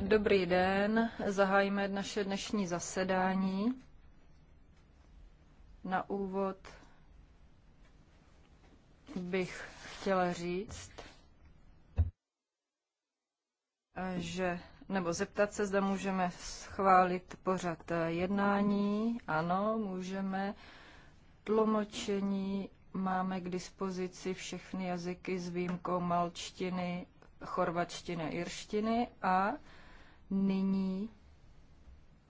Dobrý den, zahájíme naše dnešní zasedání. Na úvod bych chtěla říct, že nebo zeptat se, zda můžeme schválit pořad jednání. Ano, můžeme. Tlumočení máme k dispozici všechny jazyky s výjimkou malčtiny chorvačtiny a irštiny a nyní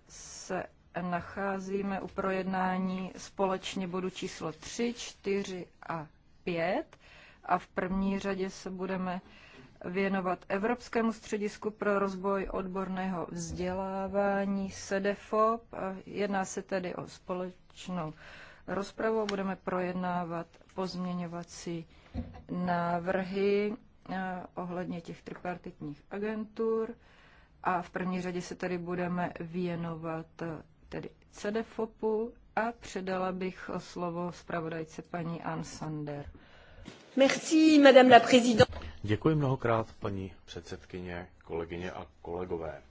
se nacházíme u projednání společně bodu číslo 3, 4 a 5 a v první řadě se budeme věnovat Evropskému středisku pro rozvoj odborného vzdělávání SEDEFOP. Jedná se tedy o společnou rozpravu. Budeme projednávat pozměňovací návrhy Eh, ohledně těch tripartitních agentur. A v první řadě se tady budeme věnovat eh, tedy CDFOPu a předala bych slovo zpravodajce paní Ann Sander. Merci, madame la présidente. Děkuji mnohokrát, paní předsedkyně, kolegyně a kolegové.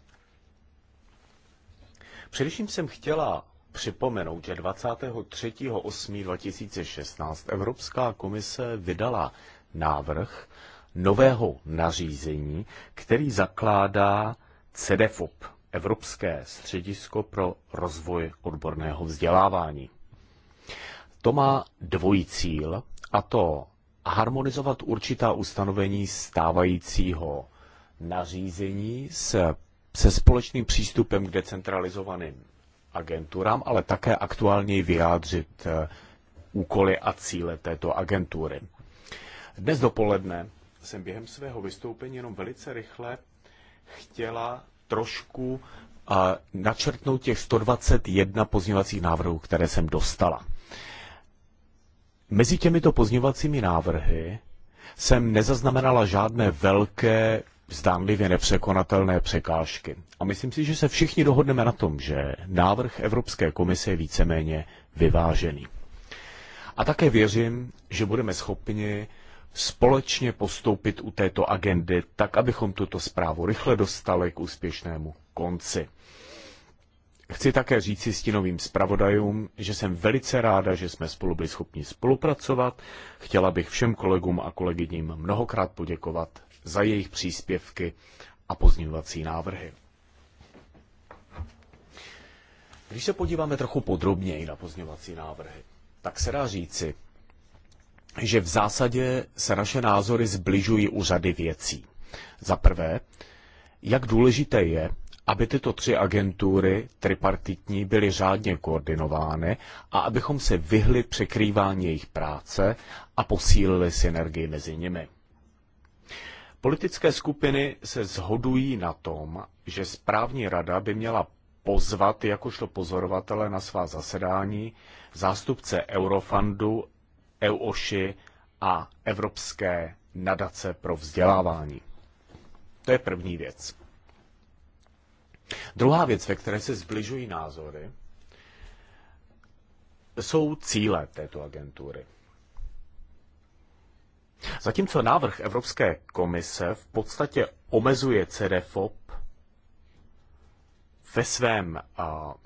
Především jsem chtěla připomenout, že 23.8.2016 Evropská komise vydala návrh nového nařízení, který zakládá CEDEFOP, Evropské středisko pro rozvoj odborného vzdělávání. To má dvojí cíl, a to harmonizovat určitá ustanovení stávajícího nařízení se, se společným přístupem k decentralizovaným agenturám, ale také aktuálně vyjádřit eh, úkoly a cíle této agentury. Dnes dopoledne jsem během svého vystoupení jenom velice rychle chtěla trošku a načrtnout těch 121 pozměňovacích návrhů, které jsem dostala. Mezi těmito pozměňovacími návrhy jsem nezaznamenala žádné velké, zdánlivě nepřekonatelné překážky. A myslím si, že se všichni dohodneme na tom, že návrh Evropské komise je víceméně vyvážený. A také věřím, že budeme schopni společně postoupit u této agendy, tak abychom tuto zprávu rychle dostali k úspěšnému konci. Chci také říci stinovým zpravodajům, že jsem velice ráda, že jsme spolu byli schopni spolupracovat. Chtěla bych všem kolegům a kolegyním mnohokrát poděkovat za jejich příspěvky a pozměňovací návrhy. Když se podíváme trochu podrobněji na pozměňovací návrhy, tak se dá říci, že v zásadě se naše názory zbližují u řady věcí. Za prvé, jak důležité je, aby tyto tři agentury tripartitní byly řádně koordinovány a abychom se vyhli překrývání jejich práce a posílili synergii mezi nimi. Politické skupiny se shodují na tom, že správní rada by měla pozvat jakožto pozorovatele na svá zasedání zástupce Eurofundu EUOSHI a Evropské nadace pro vzdělávání. To je první věc. Druhá věc, ve které se zbližují názory, jsou cíle této agentury. Zatímco návrh Evropské komise v podstatě omezuje CDFOP ve svém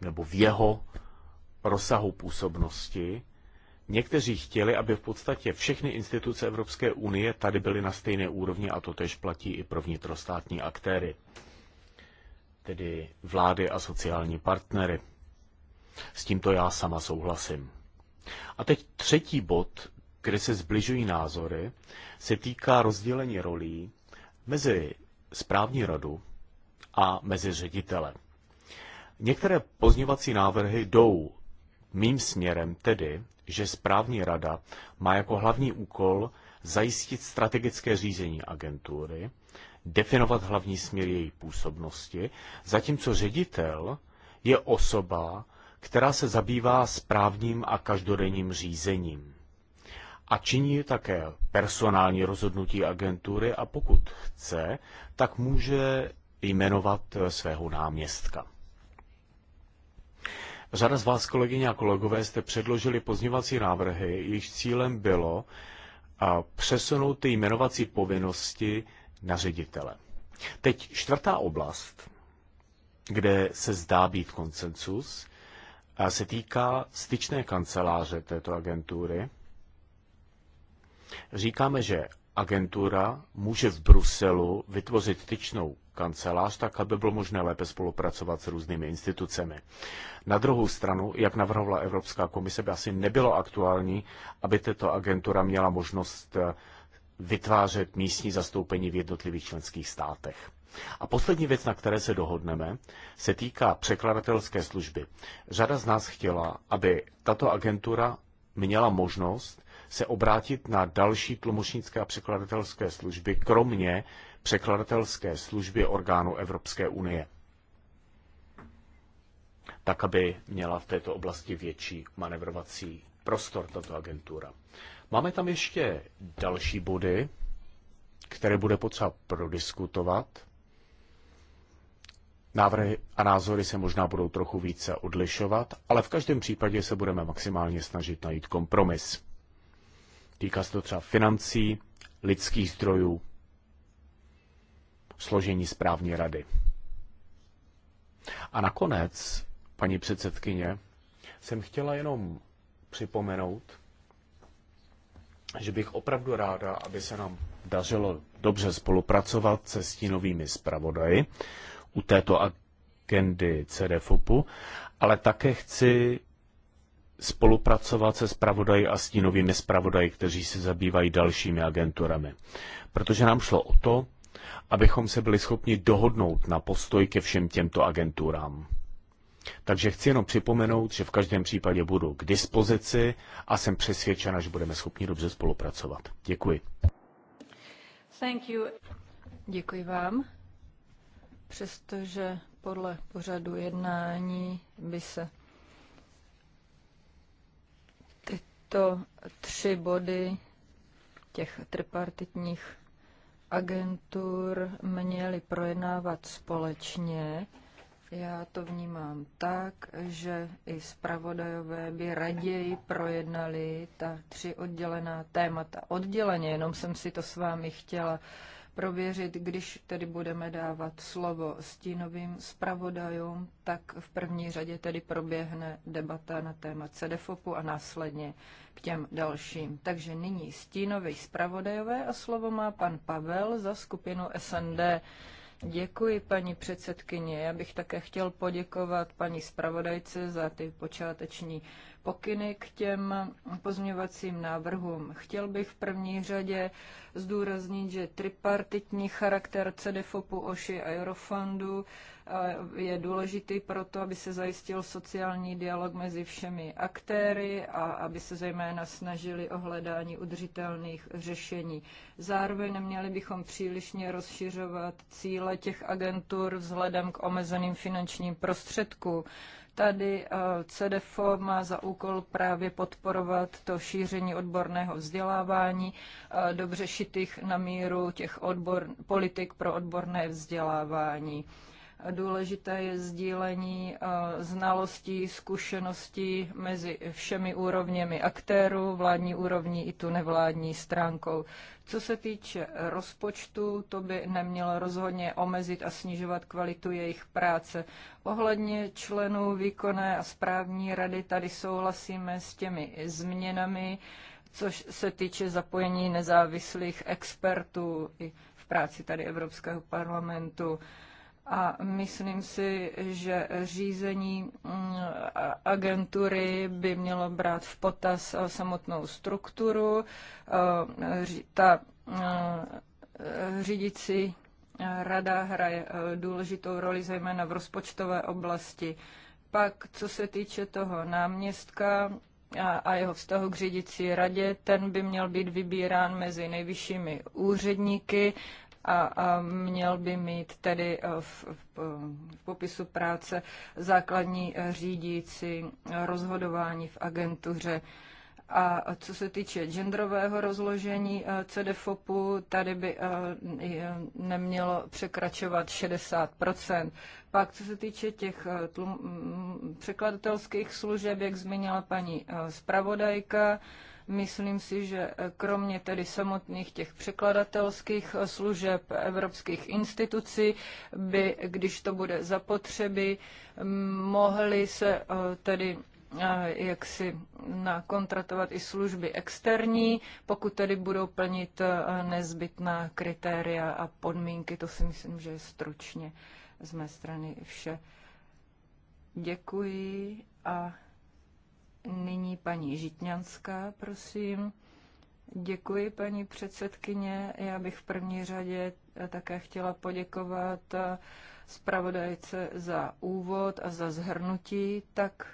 nebo v jeho rozsahu působnosti, Někteří chtěli, aby v podstatě všechny instituce Evropské unie tady byly na stejné úrovni a to tež platí i pro vnitrostátní aktéry, tedy vlády a sociální partnery. S tímto já sama souhlasím. A teď třetí bod, kde se zbližují názory, se týká rozdělení rolí mezi správní radu a mezi ředitele. Některé pozněvací návrhy jdou mým směrem tedy, že správní rada má jako hlavní úkol zajistit strategické řízení agentury, definovat hlavní směr její působnosti, zatímco ředitel je osoba, která se zabývá správním a každodenním řízením. A činí také personální rozhodnutí agentury a pokud chce, tak může jmenovat svého náměstka. Řada z vás, kolegyně a kolegové, jste předložili pozněvací návrhy, jejichž cílem bylo přesunout ty jmenovací povinnosti na ředitele. Teď čtvrtá oblast, kde se zdá být konsensus, se týká styčné kanceláře této agentury. Říkáme, že agentura může v Bruselu vytvořit tyčnou kancelář, tak aby bylo možné lépe spolupracovat s různými institucemi. Na druhou stranu, jak navrhovala Evropská komise, by asi nebylo aktuální, aby tato agentura měla možnost eh, vytvářet místní zastoupení v jednotlivých členských státech. A poslední věc, na které se dohodneme, se týká překladatelské služby. Řada z nás chtěla, aby tato agentura měla možnost se obrátit na další tlumočnické a překladatelské služby, kromě překladatelské služby orgánu Evropské unie. Tak, aby měla v této oblasti větší manevrovací prostor tato agentura. Máme tam ještě další body, které bude potřeba prodiskutovat. Návrhy a názory se možná budou trochu více odlišovat, ale v každém případě se budeme maximálně snažit najít kompromis. Týká se to třeba financí, lidských zdrojů, složení správní rady. A nakonec, paní předsedkyně, jsem chtěla jenom připomenout, že bych opravdu ráda, aby se nám dařilo dobře spolupracovat se stínovými zpravodaji u této agendy CDFOPu, ale také chci spolupracovat se spravodaji a stínovými spravodaji, kteří se zabývají dalšími agenturami. Protože nám šlo o to, abychom se byli schopni dohodnout na postoj ke všem těmto agenturám. Takže chci jenom připomenout, že v každém případě budu k dispozici a jsem přesvědčena, že budeme schopni dobře spolupracovat. Děkuji. Thank you. Děkuji vám. Přestože podle pořadu jednání by se tyto tři body těch tripartitních agentur měly projednávat společně. Já to vnímám tak, že i zpravodajové by raději projednali ta tři oddělená témata odděleně, jenom jsem si to s vámi chtěla prověřit, když tedy budeme dávat slovo stínovým zpravodajům, tak v první řadě tedy proběhne debata na téma CDFOPu a následně k těm dalším. Takže nyní stínový zpravodajové a slovo má pan Pavel za skupinu SND. Děkuji, paní předsedkyně. Já bych také chtěl poděkovat paní zpravodajce za ty počáteční pokyny k těm pozměvacím návrhům. Chtěl bych v první řadě zdůraznit, že tripartitní charakter CDFOPu, OŠI a Eurofondu Eh, je důležitý proto, aby se zajistil sociální dialog mezi všemi aktéry a aby se zejména snažili o hledání udržitelných řešení. Zároveň neměli bychom přílišně rozšiřovat cíle těch agentur vzhledem k omezeným finančním prostředkům. Tady eh, CDFO má za úkol právě podporovat to šíření odborného vzdělávání, eh, dobře šitých na míru těch odbor, politik pro odborné vzdělávání. Důležité je sdílení eh, znalostí, zkušeností mezi všemi úrovněmi aktérů, vládní úrovní i tu nevládní stránkou. Co se týče rozpočtu, to by nemělo rozhodně omezit a snižovat kvalitu jejich práce. Ohledně členů výkonné a správní rady tady souhlasíme s těmi změnami, což se týče zapojení nezávislých expertů i v práci tady Evropského parlamentu. A myslím si, že řízení mm, agentury by mělo brát v potaz eh, samotnou strukturu. Eh, ta eh, řídící rada hraje důležitou roli, zejména v rozpočtové oblasti. Pak, co se týče toho náměstka, a, jeho vztahu k řídící radě, ten by měl být vybírán mezi nejvyššími úředníky a, a měl by mít tedy eh, v, v, v popisu práce základní eh, řídící eh, rozhodování v agentuře. A co se týče genderového rozložení CDFOPu, tady by nemělo překračovat 60 Pak co se týče těch tlum, mm, překladatelských služeb, jak zmínila paní zpravodajka, Myslím si, že eh, kromě tedy samotných těch překladatelských eh, služeb evropských institucí by, když to bude zapotřeby, mohly se eh, tedy jak si nakontratovat i služby externí, pokud tedy budou plnit nezbytná kritéria a podmínky. To si myslím, že je stručně z mé strany vše. Děkuji a Nyní paní Žitňanská, prosím. Děkuji, paní předsedkyně. Já bych v první řadě eh, také chtěla poděkovat eh, zpravodajce za úvod a za zhrnutí, tak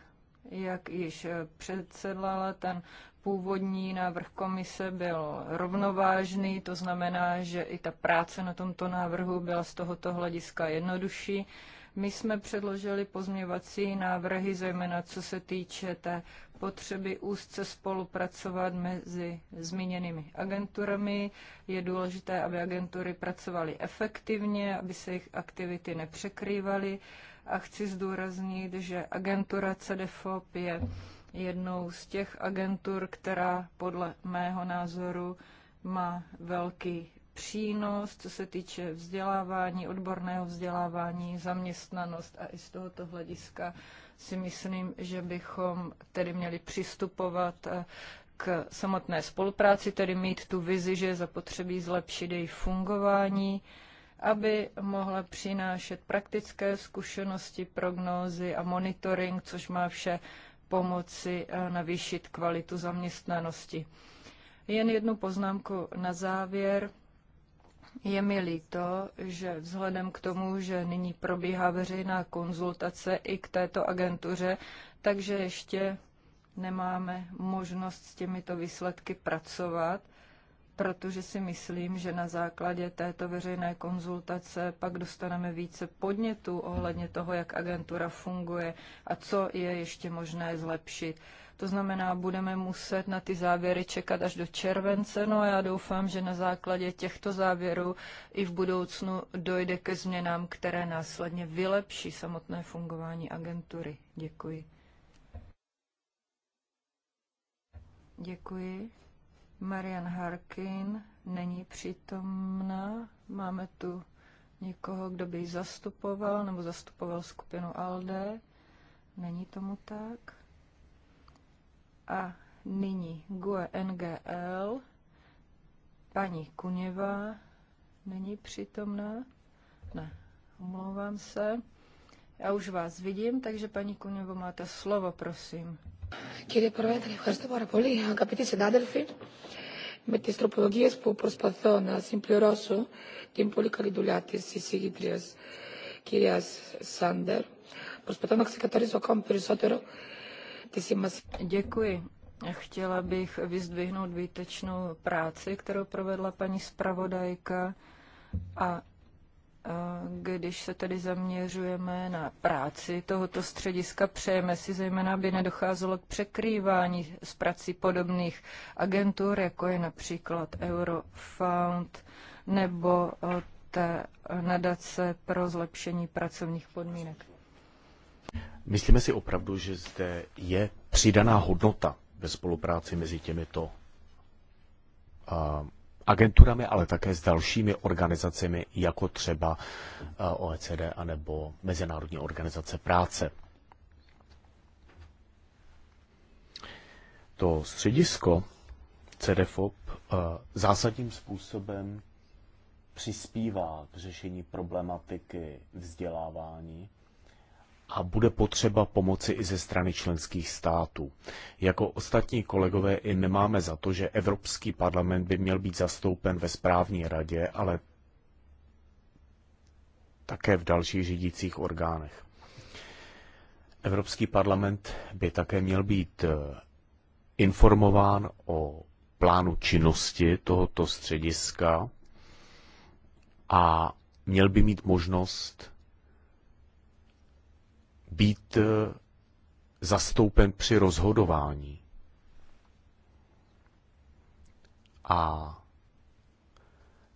jak již eh, předsedlala, ten původní návrh komise byl rovnovážný, to znamená, že i ta práce na tomto návrhu byla z tohoto hlediska jednodušší. My jsme předložili pozměvací návrhy, zejména co se týče té potřeby úzce spolupracovat mezi zmíněnými agenturami. Je důležité, aby agentury pracovaly efektivně, aby se jejich aktivity nepřekrývaly. A chci zdůraznit, že agentura CDFOP je jednou z těch agentur, která podle mého názoru má velký přínos, co se týče vzdělávání, odborného vzdělávání, zaměstnanost a i z tohoto hlediska si myslím, že bychom tedy měli přistupovat eh, k samotné spolupráci, tedy mít tu vizi, že je zapotřebí zlepšit její fungování, aby mohla přinášet praktické zkušenosti, prognózy a monitoring, což má vše pomoci eh, navýšit kvalitu zaměstnanosti. Jen jednu poznámku na závěr. Je mi líto, že vzhledem k tomu, že nyní probíhá veřejná konzultace i k této agentuře, takže ještě nemáme možnost s těmito výsledky pracovat, protože si myslím, že na základě této veřejné konzultace pak dostaneme více podnětů ohledně toho, jak agentura funguje a co je ještě možné zlepšit. To znamená, budeme muset na ty závěry čekat až do července. No a já doufám, že na základě těchto závěrů i v budoucnu dojde ke změnám, které následně vylepší samotné fungování agentury. Děkuji. Děkuji. Marian Harkin není přítomná. Máme tu někoho, kdo by ji zastupoval nebo zastupoval skupinu ALDE. Není tomu tak. A nyní GUE NGL, paní Kuněva, není přítomná? Ne, omlouvám se. Já už vás vidím, takže paní Kuněvo, máte slovo, prosím. Κύριε Πρόεδρε, ευχαριστώ πάρα πολύ. Αγαπητοί συνάδελφοι, με τις τροπολογίες που προσπαθώ να συμπληρώσω την πολύ καλή δουλειά της εισηγήτριας κυρίας Σάντερ, προσπαθώ να ξεκαθαρίσω ακόμη περισσότερο Děkuji. Chtěla bych vyzdvihnout výtečnou práci, kterou provedla paní zpravodajka a když se tedy zaměřujeme na práci tohoto střediska, přejeme si zejména, aby nedocházelo k překrývání s prací podobných agentur, jako je například Eurofound nebo té nadace pro zlepšení pracovních podmínek. Myslíme si opravdu, že zde je přidaná hodnota ve spolupráci mezi těmito agenturami, ale také s dalšími organizacemi, jako třeba OECD anebo Mezinárodní organizace práce. To středisko CDFOP zásadním způsobem přispívá k řešení problematiky vzdělávání a bude potřeba pomoci i ze strany členských států. Jako ostatní kolegové i nemáme za to, že Evropský parlament by měl být zastoupen ve správní radě, ale také v dalších řídících orgánech. Evropský parlament by také měl být eh, informován o plánu činnosti tohoto střediska a měl by mít možnost být eh, zastoupen při rozhodování. A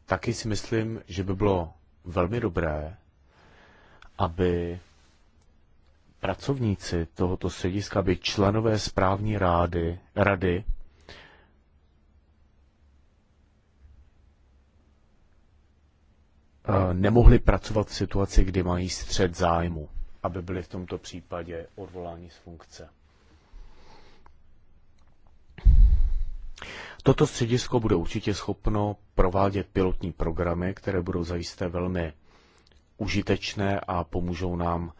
taky si myslím, že by bylo velmi dobré, aby pracovníci tohoto střediska, aby členové správní rády, rady eh, nemohli pracovat v situaci, kdy mají střed zájmu aby byli v tomto případě odvoláni z funkce. Toto středisko bude určitě schopno provádět pilotní programy, které budou zajisté velmi užitečné a pomůžou nám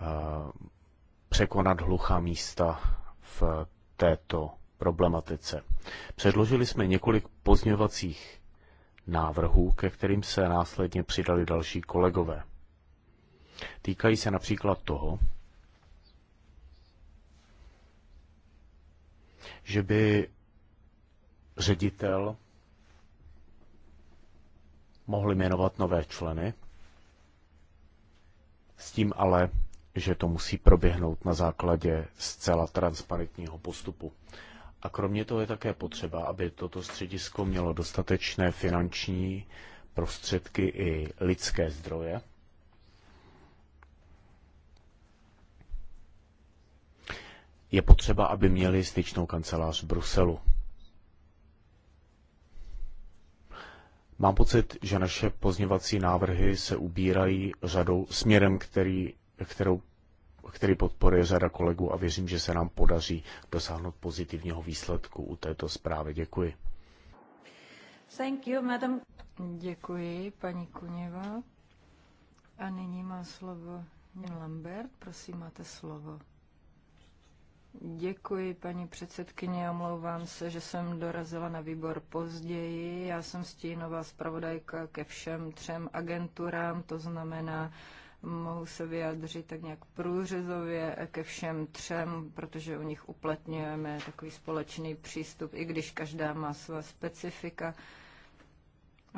eh, překonat hluchá místa v této problematice. Předložili jsme několik pozměvacích návrhů, ke kterým se následně přidali další kolegové. Týkají se například toho, že by ředitel mohl jmenovat nové členy, s tím ale, že to musí proběhnout na základě zcela transparentního postupu. A kromě toho je také potřeba, aby toto středisko mělo dostatečné finanční prostředky i lidské zdroje, je potřeba, aby měli styčnou kancelář v Bruselu. Mám pocit, že naše pozněvací návrhy se ubírají řadou směrem, který, kterou, který podporuje řada kolegů a věřím, že se nám podaří dosáhnout pozitivního výsledku u této zprávy. Děkuji. Thank you, madam. Děkuji, paní Kuněva. A nyní má slovo Lambert. Prosím, máte slovo. Děkuji, paní předsedkyně. Omlouvám se, že jsem dorazila na výbor později. Já jsem stínová zpravodajka ke všem třem agenturám, to znamená, mohu se vyjádřit tak nějak průřezově ke všem třem, protože u nich uplatňujeme takový společný přístup, i když každá má svá specifika.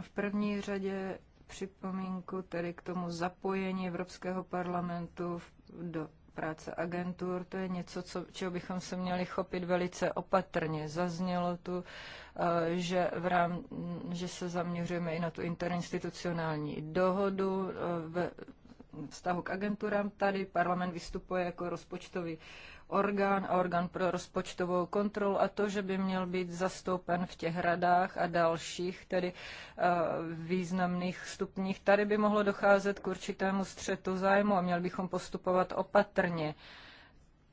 V první řadě připomínku tedy k tomu zapojení Evropského parlamentu do práce agentur, to je něco, co, čeho bychom se měli chopit velice opatrně. Zaznělo tu, eh, že, v rám, že se zaměřujeme i na tu interinstitucionální dohodu eh, ve vztahu k agenturám. Tady parlament vystupuje jako rozpočtový orgán a orgán pro rozpočtovou kontrolu a to, že by měl být zastoupen v těch radách a dalších, tedy eh, významných stupních. Tady by mohlo docházet k určitému střetu zájmu a měl bychom postupovat opatrně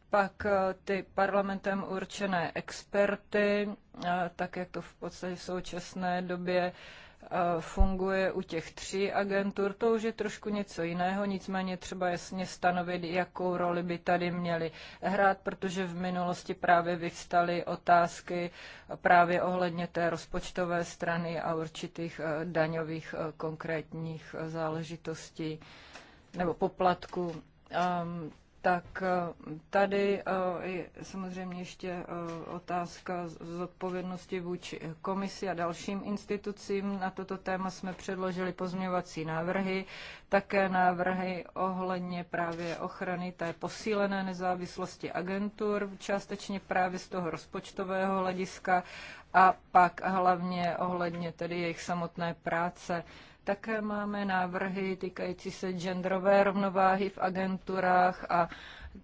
pak eh, ty parlamentem určené experty, eh, tak jak to v podstatě v současné době funguje u těch tří agentur, to už je trošku něco jiného, nicméně třeba jasně stanovit, jakou roli by tady měli hrát, protože v minulosti právě vyvstaly otázky právě ohledně té rozpočtové strany a určitých eh, daňových eh, konkrétních eh, záležitostí nebo poplatku. Ehm, tak eh, tady eh, je samozřejmě ještě eh, otázka z odpovědnosti vůči komisi a dalším institucím. Na toto téma jsme předložili pozměňovací návrhy, také návrhy ohledně právě ochrany té posílené nezávislosti agentur, částečně právě z toho rozpočtového hlediska a pak hlavně ohledně tedy jejich samotné práce. Také máme návrhy týkající se genderové rovnováhy v agenturách a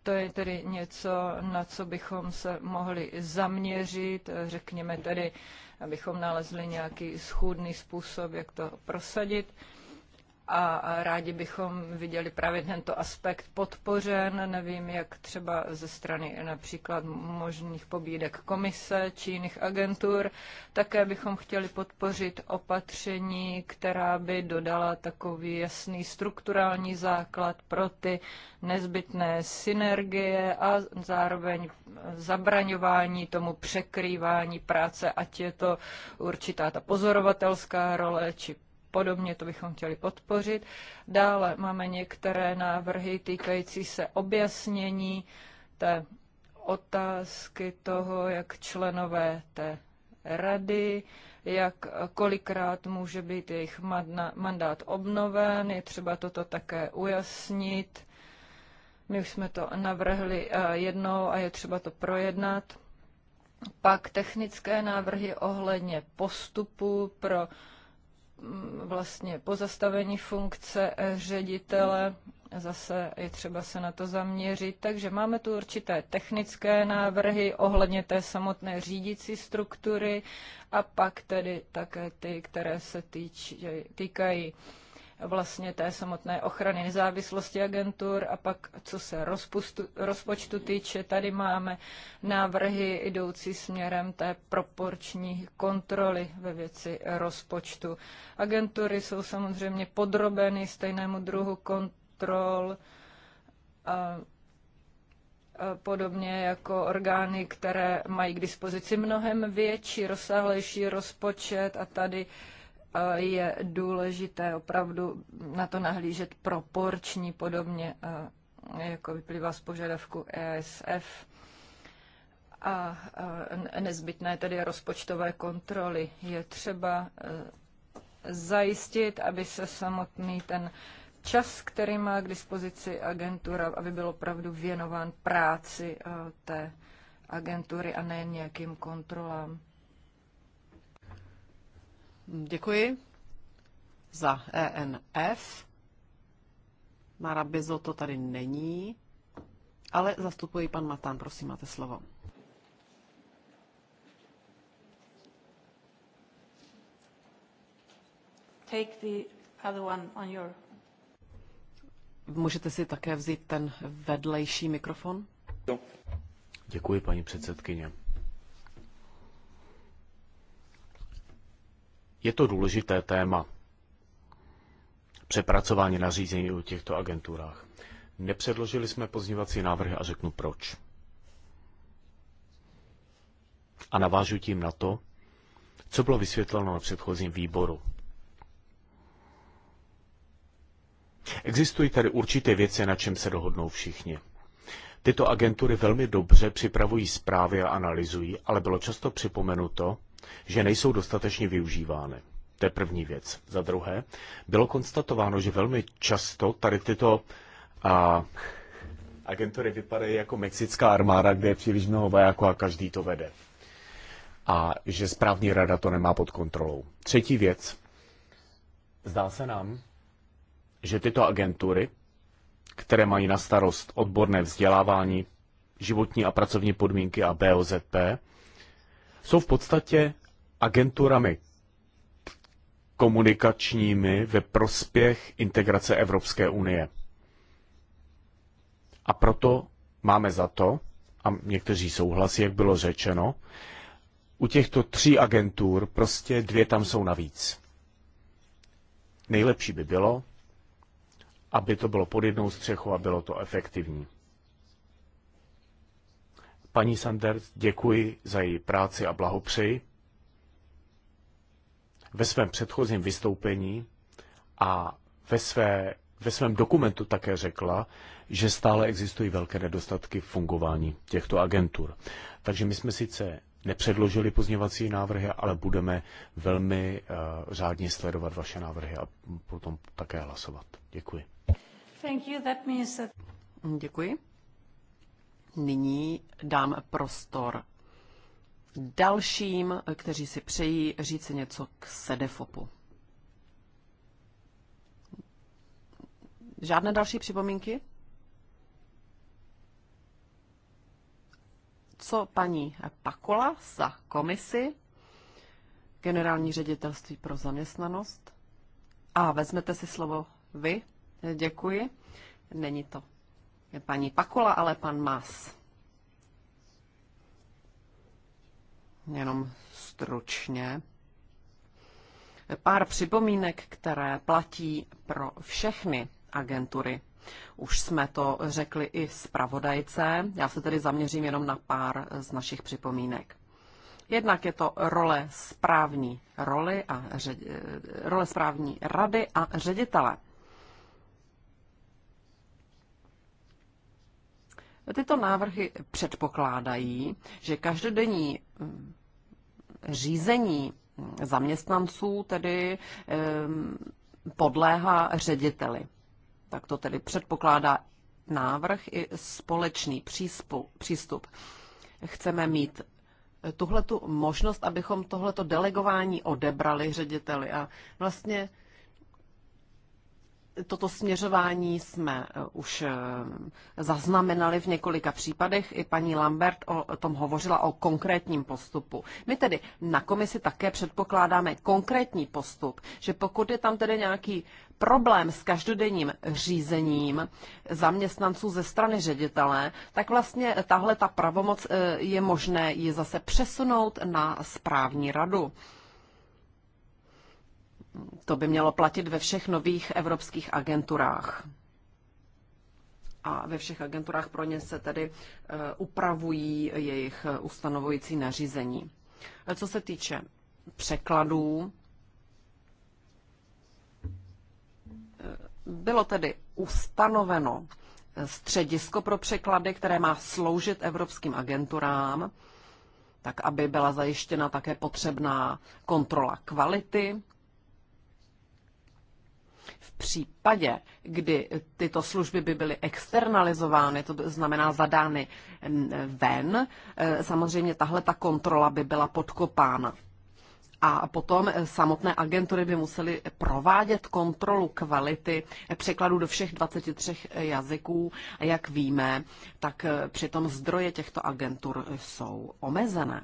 to je tedy něco, na co bychom se mohli zaměřit, řekněme tedy, abychom nalezli nějaký schůdný způsob, jak to prosadit a rádi bychom viděli právě tento aspekt podpořen, nevím, jak třeba ze strany například možných pobídek komise či jiných agentur. Také bychom chtěli podpořit opatření, která by dodala takový jasný strukturální základ pro ty nezbytné synergie a zároveň zabraňování tomu překrývání práce, ať je to určitá ta pozorovatelská role či podobně, to bychom chtěli podpořit. Dále máme některé návrhy týkající se objasnění té otázky toho, jak členové té rady, jak kolikrát může být jejich mandát obnoven, je třeba toto také ujasnit. My už jsme to navrhli eh, jednou a je třeba to projednat. Pak technické návrhy ohledně postupu pro vlastně pozastavení funkce ředitele. Zase je třeba se na to zaměřit. Takže máme tu určité technické návrhy ohledně té samotné řídící struktury a pak tedy také ty, které se týč, týkají vlastně té samotné ochrany nezávislosti agentur a pak, co se rozpustu, rozpočtu týče, tady máme návrhy jdoucí směrem té proporční kontroly ve věci rozpočtu. Agentury jsou samozřejmě podrobeny stejnému druhu kontrol a podobně jako orgány, které mají k dispozici mnohem větší, rozsáhlejší rozpočet a tady uh, Eh, je důležité opravdu na to nahlížet proporční, podobně eh, jako vyplývá z požadavku ESF. A eh, nezbytné tedy rozpočtové kontroly. Je třeba zajistit, aby se samotný ten čas, který má k dispozici agentura, aby byl opravdu věnován práci té agentury a nejen nějakým kontrolám. Děkuji za ENF. Mara to tady není, ale zastupuje pan Matán. Prosím, máte slovo. Take the other one on your... Můžete si také vzít ten vedlejší mikrofon? Děkuji, paní předsedkyně. Je to důležité téma. Přepracování nařízení o těchto agenturách. Nepředložili jsme pozněvací návrhy a řeknu proč. A navážu tím na to, co bylo vysvětleno na předchozím výboru. Existují tady určité věci, na čem se dohodnou všichni. Tyto agentury velmi dobře připravují zprávy a analyzují, ale bylo často připomenuto, že nejsou dostatečně využívány. To je první věc. Za druhé, bylo konstatováno, že velmi často tady tyto a, agentury vypadají jako mexická armáda, kde je příliš mnoho vojáků a každý to vede. A že správní rada to nemá pod kontrolou. Třetí věc. Zdá se nám, že tyto agentury, které mají na starost odborné vzdělávání, životní a pracovní podmínky a BOZP, jsou v podstatě agenturami komunikačními ve prospěch integrace Evropské unie. A proto máme za to, a někteří souhlasí, jak bylo řečeno, u těchto tří agentur prostě dvě tam jsou navíc. Nejlepší by bylo, aby to bylo pod jednou střechou a bylo to efektivní. Paní Sanders, děkuji za její práci a blahopřeji. Ve svém předchozím vystoupení a ve, své, ve svém dokumentu také řekla, že stále existují velké nedostatky v fungování těchto agentur. Takže my jsme sice nepředložili pozněvací návrhy, ale budeme velmi uh, řádně sledovat vaše návrhy a potom také hlasovat. Děkuji. Thank you. That means that... Děkuji nyní dám prostor dalším, kteří si přejí říci něco k sedefopu. Žádné další připomínky? Co paní Pakola za komisi, generální ředitelství pro zaměstnanost? A vezmete si slovo vy? Děkuji. Není to paní Pakula, ale pan Mas. Jenom stručně. Pár připomínek, které platí pro všechny agentury. Už jsme to řekli i zpravodajce, já se tedy zaměřím jenom na pár z našich připomínek. Jednak je to role správní roli a ředi, eh, role správní rady a ředitele. Tyto návrhy předpokládají, že každodenní mm, řízení zaměstnanců tedy mm, podléhá řediteli. Tak to tedy předpokládá návrh i společný přístup. Chceme mít eh, tuhletu možnost, abychom tohleto delegování odebrali řediteli a vlastně toto směřování jsme eh, už eh, zaznamenali v několika případech. I paní Lambert o tom hovořila o konkrétním postupu. My tedy na komisi také předpokládáme konkrétní postup, že pokud je tam tedy nějaký problém s každodenním řízením zaměstnanců ze strany ředitele, tak vlastně tahle ta pravomoc eh, je možné ji zase přesunout na správní radu. To by mělo platit ve všech nových evropských agenturách. A ve všech agenturách pro ně se tedy eh, upravují jejich eh, ustanovující nařízení. Eh, co se týče překladů, bylo tedy ustanoveno středisko pro překlady, které má sloužit evropským agenturám, tak aby byla zajištěna také potřebná kontrola kvality v případě, kdy tyto služby by byly externalizovány, to znamená zadány ven, eh, samozřejmě tahle ta kontrola by byla podkopána. A potom samotné agentury by musely provádět kontrolu kvality překladů do všech 23 jazyků. A jak víme, tak eh, přitom zdroje těchto agentur jsou omezené.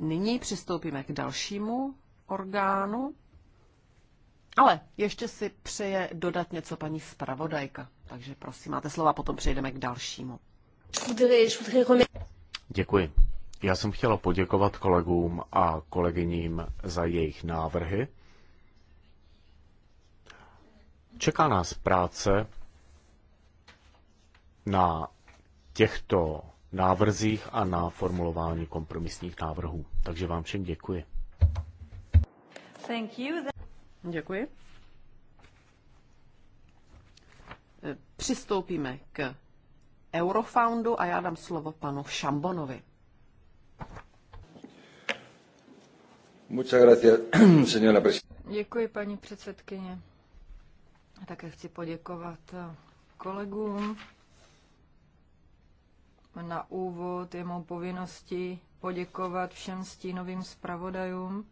Nyní přistoupíme k dalšímu orgánu, ale ještě si přeje dodat něco paní zpravodajka, takže prosím, máte slova, potom přejdeme k dalšímu. Děkuji. Já jsem chtěla poděkovat kolegům a kolegyním za jejich návrhy. Čeká nás práce na těchto návrzích a na formulování kompromisních návrhů. Takže vám všem děkuji. Thank you. Děkuji. Přistoupíme k Eurofoundu a já dám slovo panu Šambonovi. Děkuji, paní předsedkyně. Také chci poděkovat kolegům na úvod je mou povinností poděkovat všem stínovým zpravodajům.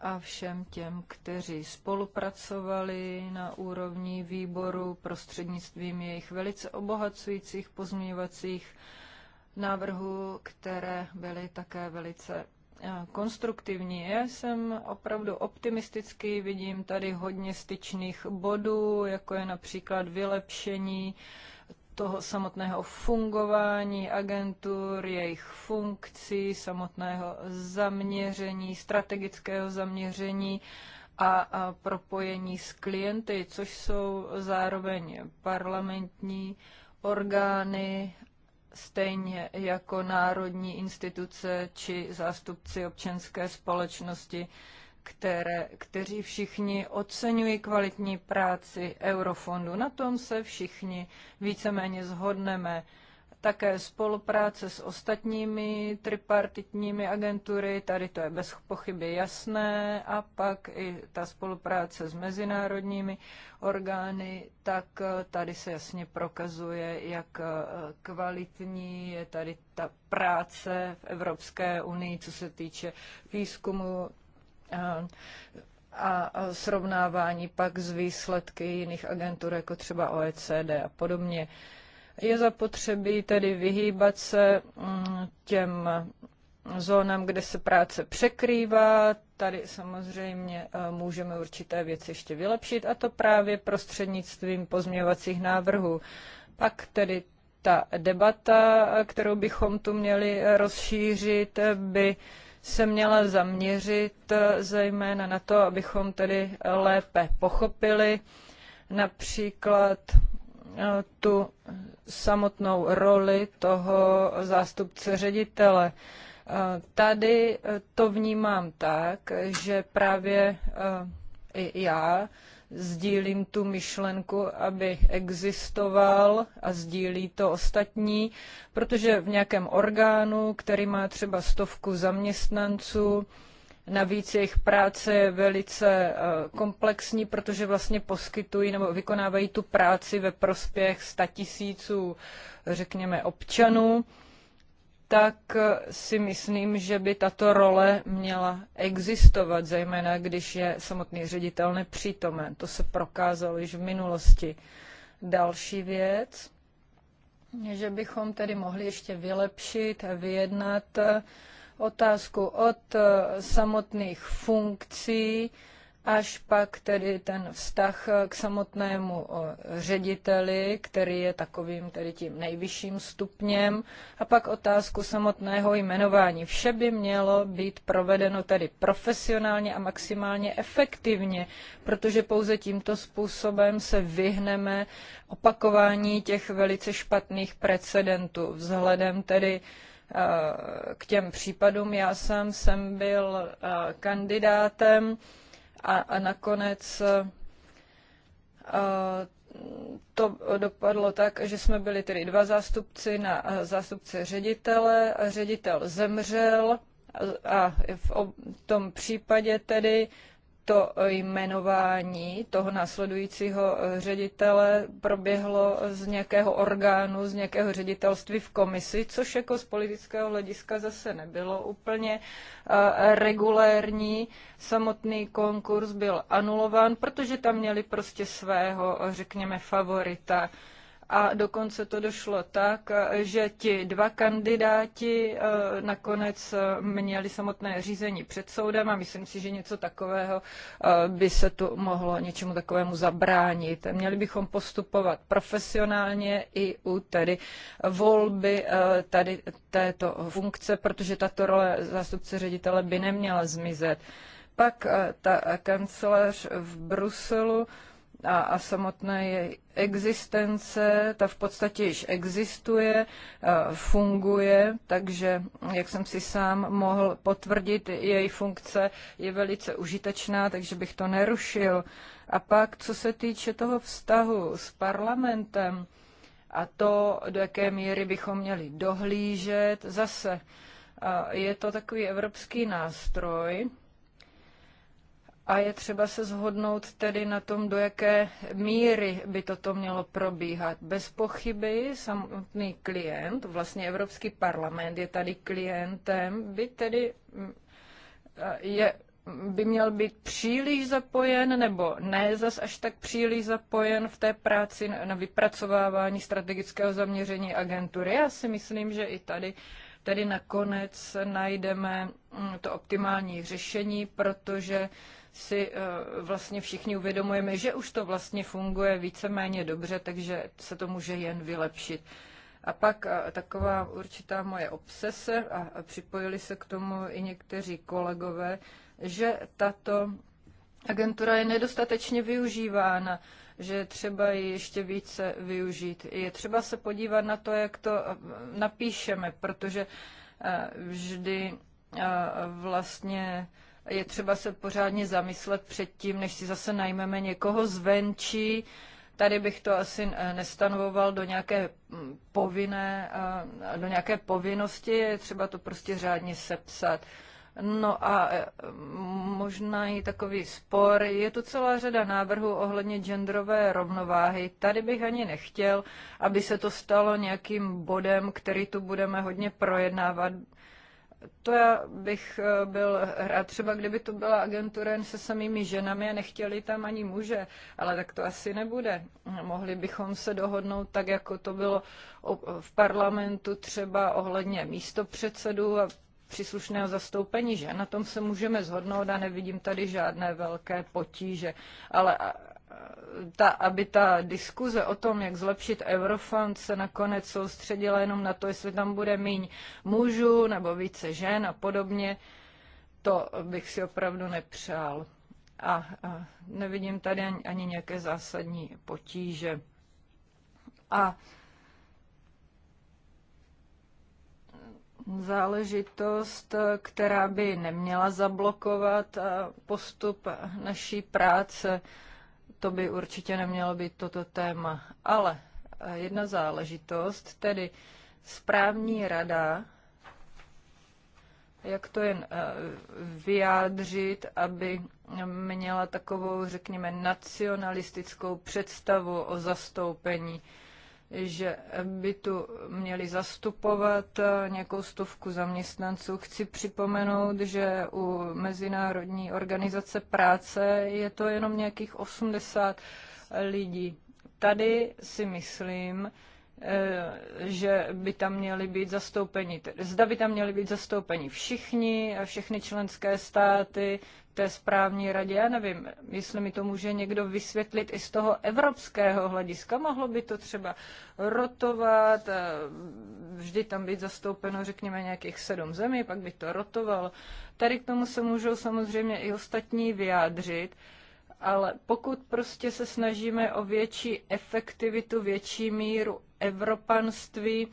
a všem těm, kteří spolupracovali na úrovni výboru prostřednictvím jejich velice obohacujících pozměňovacích návrhů, které byly také velice Eh, konstruktivní. Já jsem opravdu optimistický, vidím tady hodně styčných bodů, jako je například vylepšení toho samotného fungování agentur, jejich funkcí, samotného zaměření, strategického zaměření a, a propojení s klienty, což jsou zároveň parlamentní orgány stejně jako národní instituce či zástupci občanské společnosti, které, kteří všichni oceňují kvalitní práci Eurofondu. Na tom se všichni víceméně zhodneme také spolupráce s ostatními tripartitními agentury, tady to je bez pochyby jasné, a pak i ta spolupráce s mezinárodními orgány, tak eh, tady se jasně prokazuje, jak eh, kvalitní je tady ta práce v Evropské unii, co se týče výzkumu eh, a srovnávání pak s výsledky jiných agentur, jako třeba OECD a podobně. Uh, je zapotřebí tedy vyhýbat se mm, těm zónám, kde se práce překrývá. Tady samozřejmě eh, můžeme určité věci ještě vylepšit a to právě prostřednictvím pozměvacích návrhů. Pak tedy ta debata, kterou bychom tu měli rozšířit, by se měla zaměřit eh, zejména na to, abychom tedy lépe pochopili například Eh, tu samotnou roli toho zástupce ředitele. Eh, tady eh, to vnímám tak, že právě i já sdílím tu myšlenku, aby existoval a sdílí to ostatní, protože v nějakém orgánu, který má třeba stovku zaměstnanců, Navíc jejich práce je velice eh, komplexní, protože vlastně poskytují nebo vykonávají tu práci ve prospěch statisíců, řekněme, občanů tak eh, si myslím, že by tato role měla existovat, zejména když je samotný ředitel nepřítomen. To se prokázalo již v minulosti. Další věc, že bychom tedy mohli ještě vylepšit a vyjednat eh, otázku od eh, samotných funkcí až pak tedy ten vztah eh, k samotnému eh, řediteli, který je takovým tedy tím nejvyšším stupněm, a pak otázku samotného jmenování. Vše by mělo být provedeno tedy profesionálně a maximálně efektivně, protože pouze tímto způsobem se vyhneme opakování těch velice špatných precedentů vzhledem tedy k těm případům. Já sám jsem byl eh, kandidátem a, a nakonec eh, to dopadlo tak, že jsme byli tedy dva zástupci na eh, zástupce ředitele. Ředitel zemřel a v tom případě tedy to jmenování toho následujícího ředitele proběhlo z nějakého orgánu, z nějakého ředitelství v komisi, což jako z politického hlediska zase nebylo úplně regulérní. Samotný konkurs byl anulován, protože tam měli prostě svého, řekněme, favorita a dokonce to došlo tak, že ti dva kandidáti eh, nakonec eh, měli samotné řízení před soudem a myslím si, že něco takového eh, by se tu mohlo něčemu takovému zabránit. Měli bychom postupovat profesionálně i u tedy volby tady této funkce, protože tato role zástupce ředitele by neměla zmizet. Pak ta kancelář v Bruselu a, a samotné je existence, ta v podstatě již existuje, funguje, takže, jak jsem si sám mohl potvrdit, její funkce je velice užitečná, takže bych to nerušil. A pak, co se týče toho vztahu s parlamentem a to, do jaké míry bychom měli dohlížet, zase je to takový evropský nástroj, a je třeba se zhodnout tedy na tom, do jaké míry by toto mělo probíhat. Bez pochyby samotný klient, vlastně Evropský parlament je tady klientem, by tedy mm, je, by měl být příliš zapojen nebo ne zas až tak příliš zapojen v té práci na vypracovávání strategického zaměření agentury. Já si myslím, že i tady tedy nakonec najdeme mm, to optimální řešení, protože si eh, vlastně všichni uvědomujeme, že už to vlastně funguje víceméně dobře, takže se to může jen vylepšit. A pak eh, taková určitá moje obsese, a připojili se k tomu i někteří kolegové, že tato agentura je nedostatečně využívána že třeba ji ještě více využít. Je třeba se podívat na to, jak to eh, napíšeme, protože vždy vlastně je třeba se pořádně zamyslet před tím, než si zase najmeme někoho zvenčí. Tady bych to asi eh, nestanovoval do nějaké mm, povinné, eh, do nějaké povinnosti, je třeba to prostě řádně sepsat. No a eh, možná i takový spor. Je tu celá řada návrhů ohledně genderové rovnováhy. Tady bych ani nechtěl, aby se to stalo nějakým bodem, který tu budeme hodně projednávat. To já bych eh, byl rád, třeba kdyby to byla agentura jen se samými ženami a nechtěli tam ani muže, ale tak to asi nebude. Mohli bychom se dohodnout tak, jako to bylo v parlamentu třeba ohledně místopředsedů a příslušného zastoupení, že na tom se můžeme zhodnout a nevidím tady žádné velké potíže. Ale ta, aby ta diskuze o tom, jak zlepšit Eurofond, se nakonec soustředila jenom na to, jestli tam bude míň mužů nebo více žen a podobně, to bych si opravdu nepřál. A, a nevidím tady ani, ani nějaké zásadní potíže. A záležitost, která by neměla zablokovat postup naší práce, to by určitě nemělo být toto téma. Ale eh, jedna záležitost, tedy správní rada, jak to jen eh, vyjádřit, aby měla takovou, řekněme, nacionalistickou představu o zastoupení že by tu měli zastupovat eh, nějakou stovku zaměstnanců. Chci připomenout, že u Mezinárodní organizace práce je to jenom nějakých 80 lidí. Tady si myslím, eh, že by tam měli být zastoupeni, zda by tam měli být zastoupeni všichni, všechny členské státy, té správní radě. Já nevím, jestli mi to může někdo vysvětlit i z toho evropského hlediska. Mohlo by to třeba rotovat, eh, vždy tam být zastoupeno, řekněme, nějakých sedm zemí, pak by to rotovalo. Tady k tomu se můžou samozřejmě i ostatní vyjádřit ale pokud prostě se snažíme o větší efektivitu, větší míru evropanství,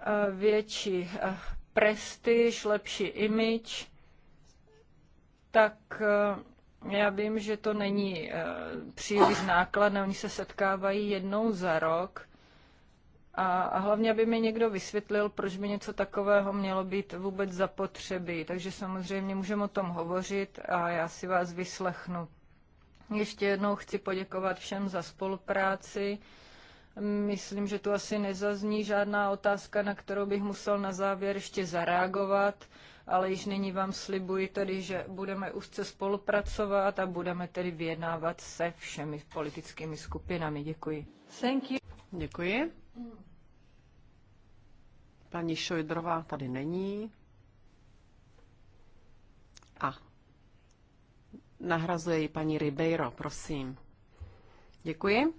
eh, větší eh, prestiž, lepší image tak eh, já vím, že to není eh, příliš nákladné, oni se setkávají jednou za rok. A, a hlavně, aby mi někdo vysvětlil, proč by něco takového mělo být vůbec zapotřebí. Takže samozřejmě můžeme o tom hovořit a já si vás vyslechnu. Ještě jednou chci poděkovat všem za spolupráci. Myslím, že tu asi nezazní žádná otázka, na kterou bych musel na závěr ještě zareagovat ale již nyní vám slibuji tedy, že budeme úzce spolupracovat a budeme tedy vyjednávat se všemi politickými skupinami. Děkuji. Thank you. Děkuji. Paní Šojdrová tady není. A nahrazuje ji paní Ribeiro, prosím. Děkuji.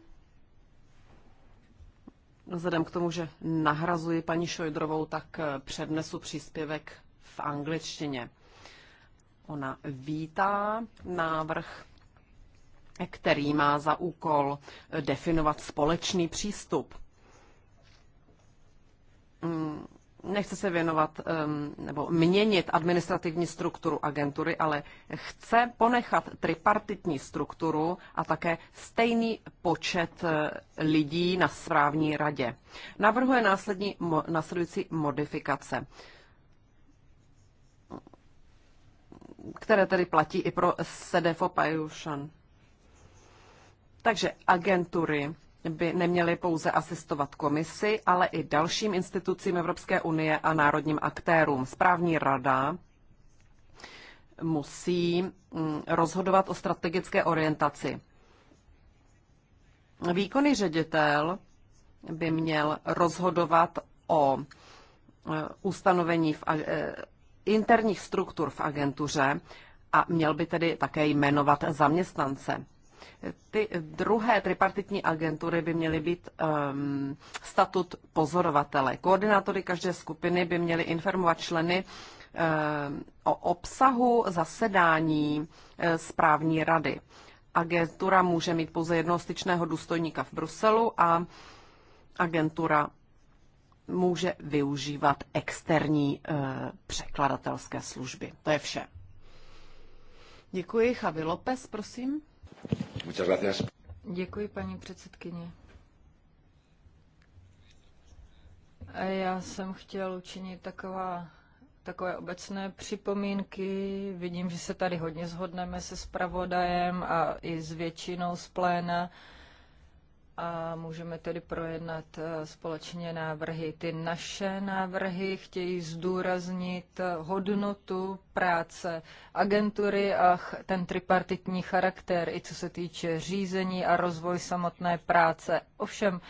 Vzhledem k tomu, že nahrazuji paní Šojdrovou, tak přednesu příspěvek v angličtině. Ona vítá návrh, který má za úkol definovat společný přístup. Mm, nechce se věnovat nebo měnit administrativní strukturu agentury, ale chce ponechat tripartitní strukturu a také stejný počet eh, lidí na správní radě. Navrhuje následní, následující modifikace které tedy platí i pro SEDEFO Payushan. Takže agentury by neměly pouze asistovat komisi, ale i dalším institucím Evropské unie a národním aktérům. Správní rada musí mm, rozhodovat o strategické orientaci. Výkonný ředitel by měl rozhodovat o e, ustanovení v e, interních struktur v agentuře a měl by tedy také jmenovat zaměstnance. Ty druhé tripartitní agentury by měly být um, statut pozorovatele. Koordinátory každé skupiny by měly informovat členy um, o obsahu zasedání e, správní rady. Agentura může mít pouze jednoho styčného důstojníka v Bruselu a agentura může využívat externí eh, překladatelské služby. To je vše. Děkuji. Javi López, prosím. Muchas gracias. Děkuji, paní předsedkyně. Já jsem chtěl učinit taková, takové obecné připomínky. Vidím, že se tady hodně zhodneme se spravodajem a i s většinou z pléna a můžeme tedy projednat e, společně návrhy. Ty naše návrhy chtějí zdůraznit e, hodnotu práce agentury a ten tripartitní charakter, i co se týče řízení a rozvoj samotné práce. Ovšem,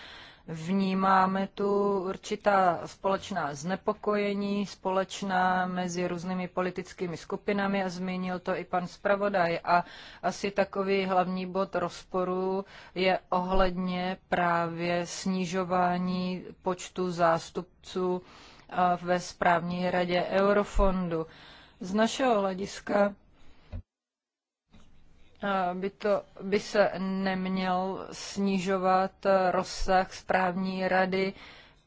Vnímáme tu určitá společná znepokojení, společná mezi různými politickými skupinami a zmínil to i pan zpravodaj. A asi takový hlavní bod rozporu je ohledně právě snižování počtu zástupců eh, ve správní radě Eurofondu. Z našeho hlediska by, to, by se neměl snižovat eh, rozsah správní rady.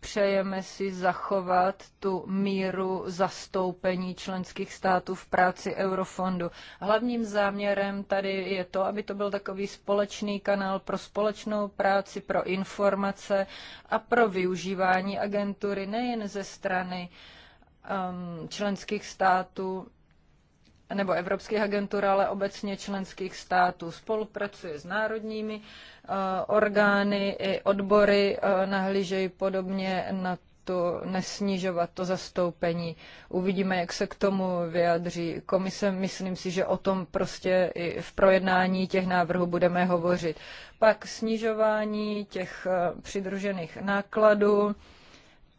Přejeme si zachovat tu míru zastoupení členských států v práci Eurofondu. Hlavním záměrem tady je to, aby to byl takový společný kanál pro společnou práci, pro informace a pro využívání agentury nejen ze strany um, členských států, nebo evropských agentur, ale obecně členských států. Spolupracuje s národními eh, orgány i odbory, eh, nahlížejí podobně na to nesnižovat to zastoupení. Uvidíme, jak se k tomu vyjadří komise. Myslím si, že o tom prostě i v projednání těch návrhů budeme hovořit. Pak snižování těch eh, přidružených nákladů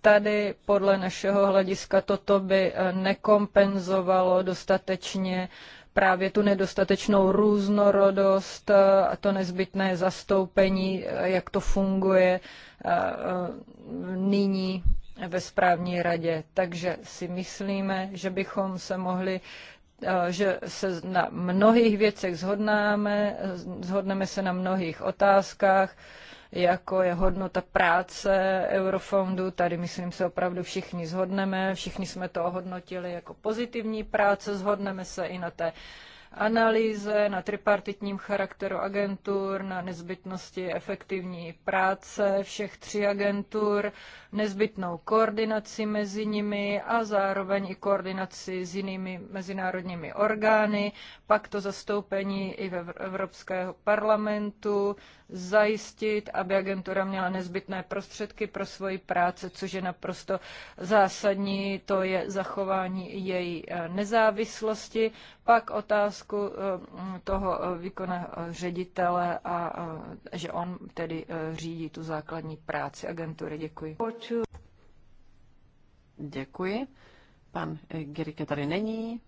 tady podle našeho hlediska toto by eh, nekompenzovalo dostatečně právě tu nedostatečnou různorodost eh, a to nezbytné zastoupení, eh, jak to funguje nyní ve správní radě. Takže si myslíme, že bychom se mohli že se na mnohých věcech zhodnáme, zhodneme se na mnohých otázkách, jako je hodnota práce Eurofondu. Tady, myslím, se opravdu všichni zhodneme. Všichni jsme to ohodnotili jako pozitivní práce. Zhodneme se i na té analýze, na tripartitním charakteru agentur, na nezbytnosti efektivní práce všech tří agentur, nezbytnou koordinaci mezi nimi a zároveň i koordinaci s jinými mezinárodními orgány, pak to zastoupení i ve Evropského parlamentu, zajistit, aby agentura měla nezbytné prostředky pro svoji práci, což je naprosto zásadní, to je zachování její eh, nezávislosti, pak otázka otázku eh, toho eh, výkonného eh, ředitele a že on tedy řídí tu základní práci agentury. Děkuji. Děkuji. Pan Gerike tady není.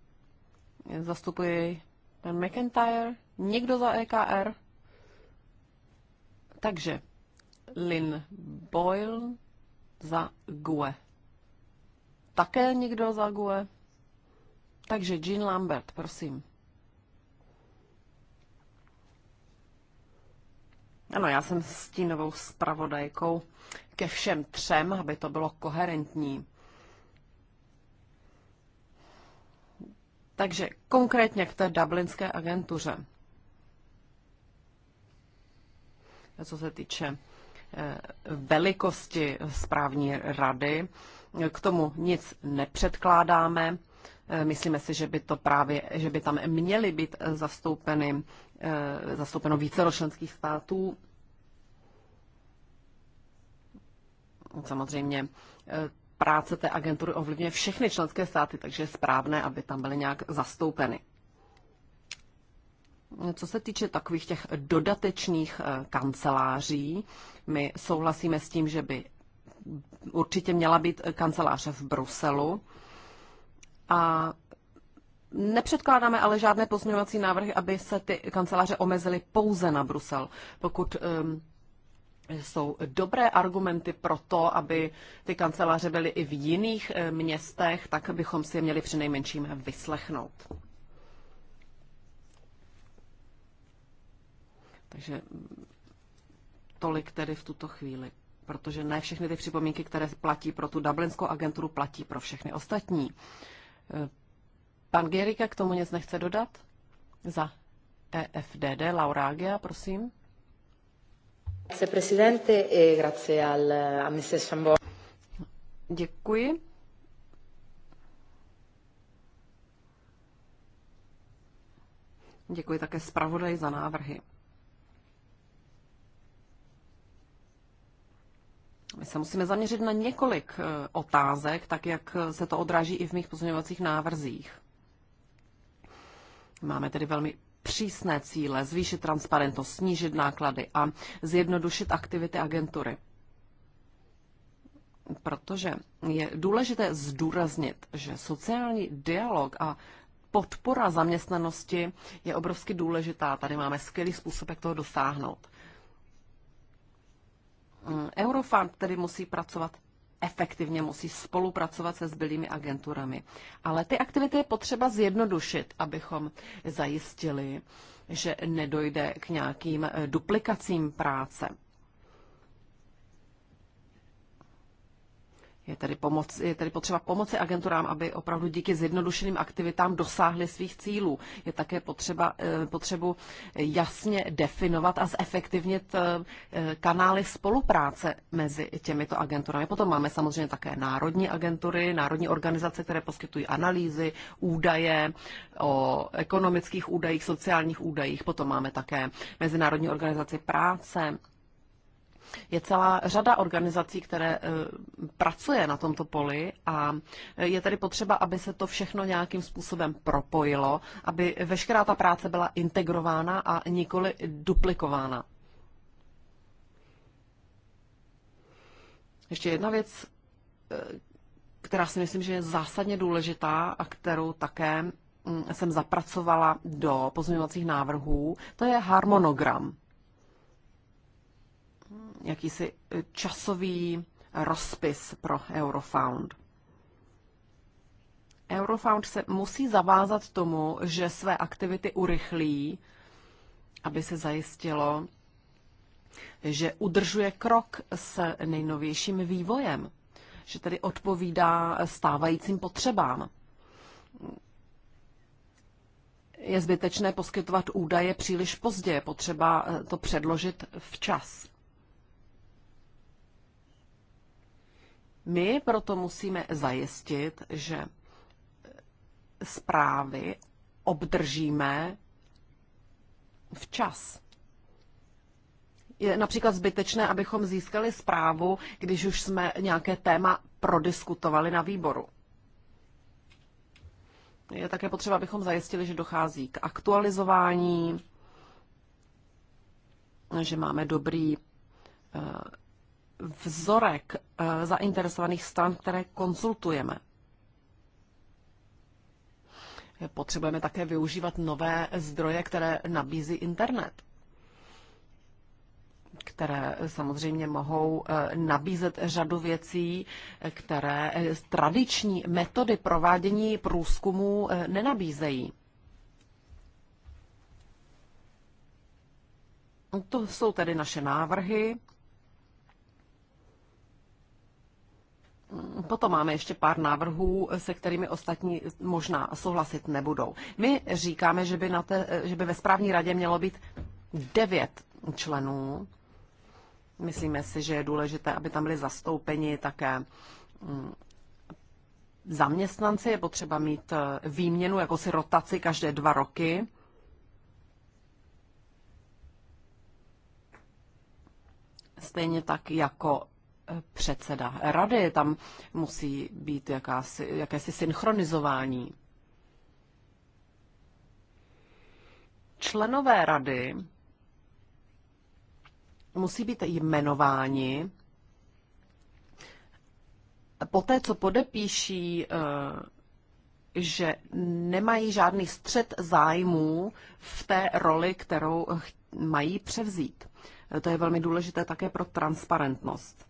Zastupuje pan McIntyre. Někdo za EKR. Takže Lynn Boyle za GUE. Také někdo za GUE? Takže Jean Lambert, prosím. Ano, já jsem s tím novou zpravodajkou ke všem třem, aby to bylo koherentní. Takže konkrétně k té dublinské agentuře. Co se týče eh, velikosti správní rady, k tomu nic nepředkládáme. Eh, myslíme si, že by, to právě, že by tam měly být zastoupeny Eh, zastoupeno více členských států. Samozřejmě eh, práce té agentury ovlivňuje všechny členské státy, takže je správné, aby tam byly nějak zastoupeny. Co se týče takových těch dodatečných eh, kanceláří, my souhlasíme s tím, že by určitě měla být kanceláře v Bruselu a Nepředkládáme ale žádné pozměňovací návrhy, aby se ty kanceláře omezily pouze na Brusel. Pokud um, jsou dobré argumenty pro to, aby ty kanceláře byly i v jiných eh, městech, tak bychom si je měli přinejmenším vyslechnout. Takže mm, tolik tedy v tuto chvíli, protože ne všechny ty připomínky, které platí pro tu Dublinskou agenturu, platí pro všechny ostatní. Eh, Pan Gerika k tomu nic nechce dodat? Za EFDD, Laura Agia, prosím. Eh, Děkuji. Děkuji také zpravodaji za návrhy. My se musíme zaměřit na několik eh, otázek, tak jak se to odráží i v mých pozměňovacích návrzích. Máme tedy velmi přísné cíle, zvýšit transparentnost, snížit náklady a zjednodušit aktivity agentury. Protože je důležité zdůraznit, že sociální dialog a podpora zaměstnanosti je obrovsky důležitá. Tady máme skvělý způsob, jak toho dosáhnout. Eurofund tedy musí pracovat efektivně musí spolupracovat se zbylými agenturami. Ale ty aktivity je potřeba zjednodušit, abychom zajistili, že nedojde k nějakým duplikacím práce. Je tedy, pomoc, je tedy potřeba pomoci agenturám, aby opravdu díky zjednodušeným aktivitám dosáhly svých cílů. Je také potřeba eh, potřebu jasně definovat a zefektivnit eh, kanály spolupráce mezi těmito agenturami. Potom máme samozřejmě také národní agentury, národní organizace, které poskytují analýzy, údaje o ekonomických údajích, sociálních údajích. Potom máme také Mezinárodní organizaci práce, je celá řada organizací, které e, pracuje na tomto poli a e, je tedy potřeba, aby se to všechno nějakým způsobem propojilo, aby veškerá ta práce byla integrována a nikoli duplikována. Ještě jedna věc, e, která si myslím, že je zásadně důležitá a kterou také mm, jsem zapracovala do pozměňovacích návrhů, to je harmonogram jakýsi e, časový rozpis pro Eurofound. Eurofound se musí zavázat tomu, že své aktivity urychlí, aby se zajistilo, že udržuje krok s nejnovějším vývojem, že tedy odpovídá stávajícím potřebám. Je zbytečné poskytovat údaje příliš pozdě, potřeba e, to předložit včas. My proto musíme zajistit, že zprávy obdržíme včas. Je například zbytečné, abychom získali zprávu, když už jsme nějaké téma prodiskutovali na výboru. Je také potřeba, abychom zajistili, že dochází k aktualizování, že máme dobrý eh, vzorek eh, zainteresovaných stran, které konzultujeme. Potřebujeme také využívat nové zdroje, které nabízí internet které samozřejmě mohou eh, nabízet řadu věcí, které eh, tradiční metody provádění průzkumu nenabízejí. To jsou tedy naše návrhy. Potom máme ještě pár návrhů, se kterými ostatní možná souhlasit nebudou. My říkáme, že by, na te, že by ve správní radě mělo být devět členů. Myslíme si, že je důležité, aby tam byly zastoupeni také mm, zaměstnanci. Je potřeba mít eh, výměnu, jako si rotaci každé dva roky. Stejně tak jako předseda rady, tam musí být jakási, jakési synchronizování. Členové rady musí být jmenováni poté, co podepíší, eh, že nemají žádný střed zájmů v té roli, kterou mají převzít. To je velmi důležité také pro transparentnost.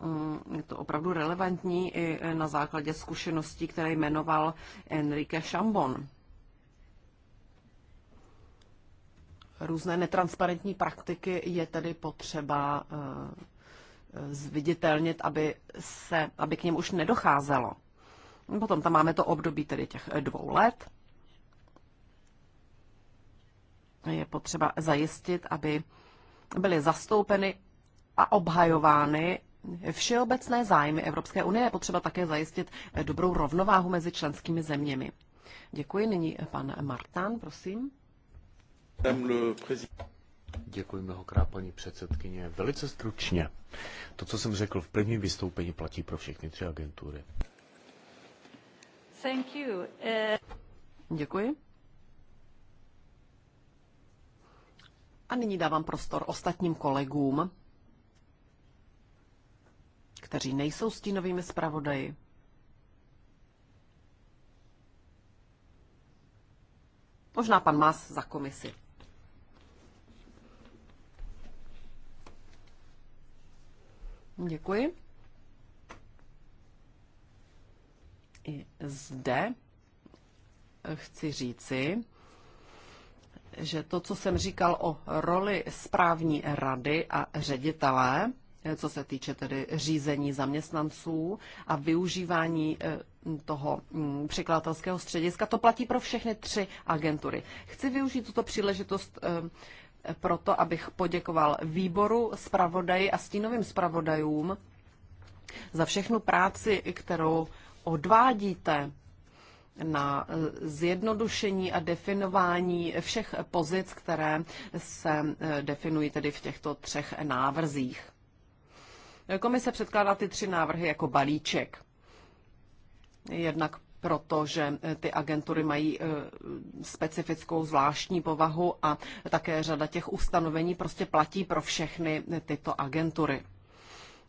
Mm, je to opravdu relevantní i na základě zkušeností, které jmenoval Enrique Chambon. Různé netransparentní praktiky je tedy potřeba eh, zviditelnit, aby, se, aby k něm už nedocházelo. Potom tam máme to období tedy těch eh, dvou let. Je potřeba zajistit, aby byly zastoupeny a obhajovány všeobecné zájmy Evropské unie je potřeba také zajistit dobrou rovnováhu mezi členskými zeměmi. Děkuji. Nyní pan Martán, prosím. Děkuji mnohokrát, paní předsedkyně. Velice stručně. To, co jsem řekl v prvním vystoupení, platí pro všechny tři agentury. Thank you. Uh... Děkuji. A nyní dávám prostor ostatním kolegům, kteří nejsou stínovými zpravodaji. Možná pan Mas za komisi. Děkuji. I zde chci říci, že to, co jsem říkal o roli správní rady a ředitele, Eh, co se týče tedy řízení zaměstnanců a využívání eh, toho mm, překladatelského střediska. To platí pro všechny tři agentury. Chci využít tuto příležitost eh, proto, abych poděkoval výboru, zpravodaji a stínovým zpravodajům za všechnu práci, kterou odvádíte na zjednodušení a definování všech pozic, které se definují tedy v těchto třech návrzích. Komise předkládá ty tři návrhy jako balíček. Jednak proto, že eh, ty agentury mají eh, specifickou zvláštní povahu a také řada těch ustanovení prostě platí pro všechny eh, tyto agentury.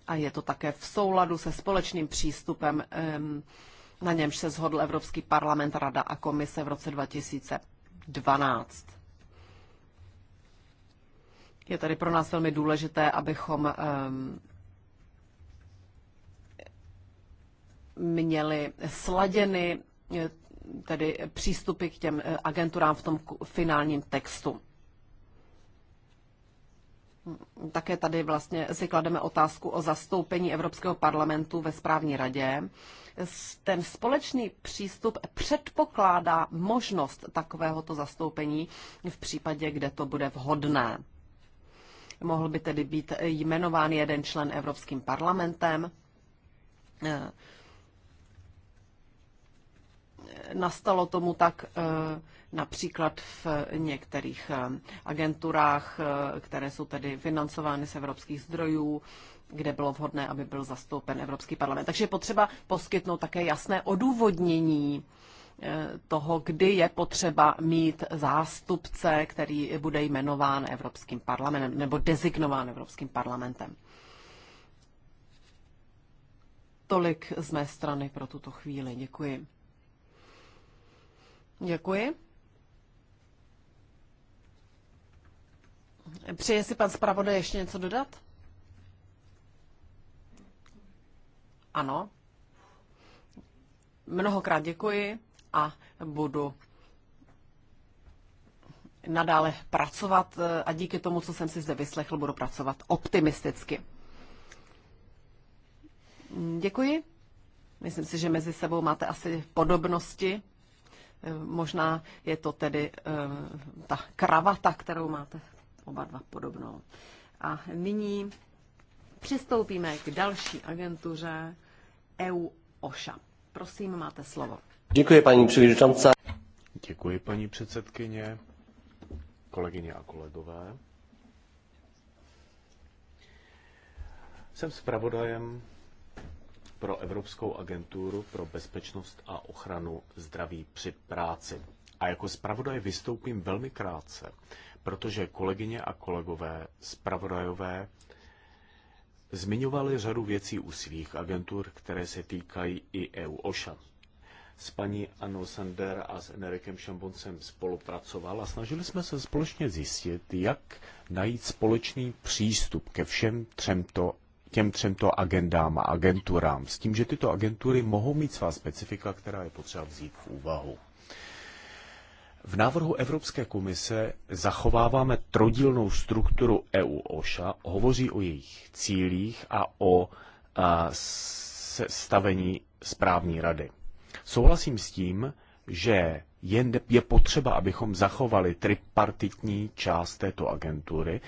A je to také v souladu se společným přístupem, na němž se zhodl Evropský parlament, Rada a Komise v roce 2012. Je tady pro nás velmi důležité, abychom měli sladěny eh, tedy přístupy k těm eh, agenturám v tom finálním textu. Také tady vlastně si klademe otázku o zastoupení Evropského parlamentu ve správní radě. Ten společný přístup předpokládá možnost takovéhoto zastoupení v případě, kde to bude vhodné. Mohl by tedy být jmenován jeden člen Evropským parlamentem, eh, nastalo tomu tak eh, například v některých eh, agenturách, eh, které jsou tedy financovány z evropských zdrojů, kde bylo vhodné, aby byl zastoupen Evropský parlament. Takže je potřeba poskytnout také jasné odůvodnění toho, kdy je potřeba mít zástupce, který bude jmenován Evropským parlamentem nebo designován Evropským parlamentem. Tolik z mé strany pro tuto chvíli. Děkuji. Děkuji. Přeje si pan zpravodaj ještě něco dodat? Ano. Mnohokrát děkuji a budu nadále pracovat eh, a díky tomu, co jsem si zde vyslechl, budu pracovat optimisticky. Děkuji. Myslím si, že mezi sebou máte asi podobnosti Možná je to tedy eh, ta kravata, kterou máte oba dva podobnou. A nyní přistoupíme k další agentuře EU OŠA. Prosím, máte slovo. Děkuji, paní předsedkyně. Děkuji, paní předsedkyně, kolegyně a kolegové. Jsem zpravodajem pro Evropskou agenturu pro bezpečnost a ochranu zdraví při práci. A jako zpravodaj vystoupím velmi krátce, protože kolegyně a kolegové zpravodajové zmiňovali řadu věcí u svých agentur, které se týkají i EU OSHA. S paní Annou Sander a s Enerikem Šamboncem spolupracoval a snažili jsme se společně zjistit, jak najít společný přístup ke všem třemto těm třemto agendám a agenturám, s tím, že tyto agentury mohou mít svá specifika, která je potřeba vzít v úvahu. V návrhu Evropské komise zachováváme trodílnou strukturu EU OŠA, hovoří o jejich cílích a o a, stavení správní rady. Souhlasím s tím, že jen je potřeba, abychom zachovali tripartitní část této agentury